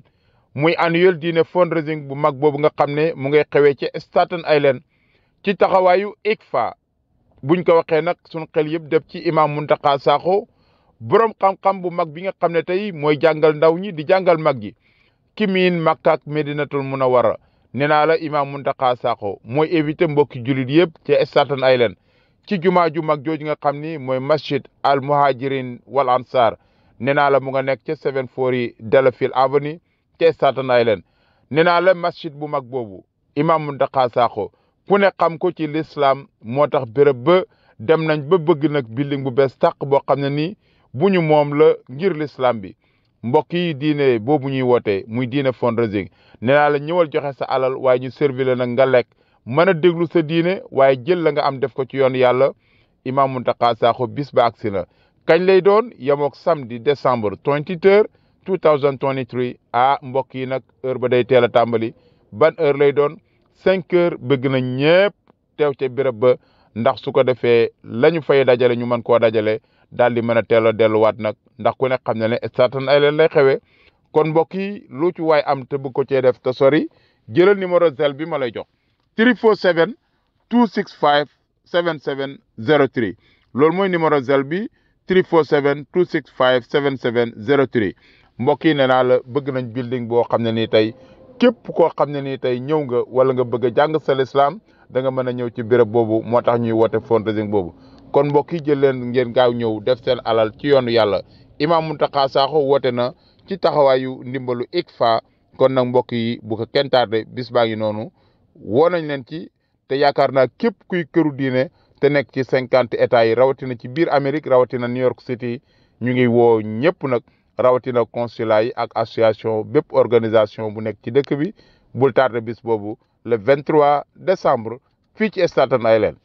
muy annuel dinner fundraising bu mag boobu nga xam ne mu ngay xewee ci Staten Island ci taxawaayu ICFA buñ ko waxee nag sunu xel yëpp def ci imam Muntaqa saako borom xam-xam bu mag bi nga xam ne tey mooy jàngal ndaw ñi di jàngal mag gi ki miin Makka ak Medinatul Munawwara nee naa la imam Muntaqa Sakho mooy éviter mbokki jullit yëpp ca Staten Island ci jumaa ju mag jooju nga xam ni mooy masjid al muhajirin wal ansar nee naa la mu nga nekk ca 740 Delafield Avenue ca Staten Island nee naa la masjid bu mag boobu imam Muntaqa Sakho ku ne xam ko ci lislaam moo tax béréb ba dem nañ ba bëgg nag building bu bees tàq boo xam ne nii bu ñu moom la ngir lislaam bi mbokk yi diine boobu ñuy woote muy diine fundraising nee naa la ñëwal joxe sa alal waaye ñu servi la nag nga lekk mën a déglu sa diine waaye jël la nga am def ko ci yoon yàlla Imam Mountakha Sakho bis ba agsi na kañ lay doon yemook samedi décembre 23 2023 ah mbokk yi nag heure ba day teel a tàmbali ban heure lay doon cinq heures bëgg na ñëpp teew ca béréb ba ndax su ko defee la ñu fay dajale ñu mën koo dajale daal di mën a teel a delluwaat nag ndax ku ne xam na ne certain ay leen lay xewee kon mbokk yi lu ci waay am te bëgg ko cee def te sori jëlal numéro zel bi ma lay jox 347 265 7703 loolu mooy numéro zel bi 347 265 7703 mbokk yi nee naa la bëgg nañ building boo xam ne nii tey képp koo xam ne nii tey ñëw nga wala nga bëgg a jàng sa lislaam da nga mën a ñëw ci béréb boobu moo tax ñuy woote fundraising boobu kon mbokk yi jël leen ngeen gaaw ñëw def seen alal ci yoonu yàlla Imam Mountakha Sakho woote na ci taxawaayu ndimbalu ICFA kon nag mbokk yi bu kenn tardé bis baa ngi noonu woo nañ leen ci te yaakaar naa képp kuy këru diine te nekk ci cinquante états yi rawatina ci biir Amérique rawatina New York City ñu ngi woo ñëpp nag rawatina consulat ak association bépp organisation bu nekk ci dëkk bi bul tardé bis boobu le vingt trois fii ci Staten Island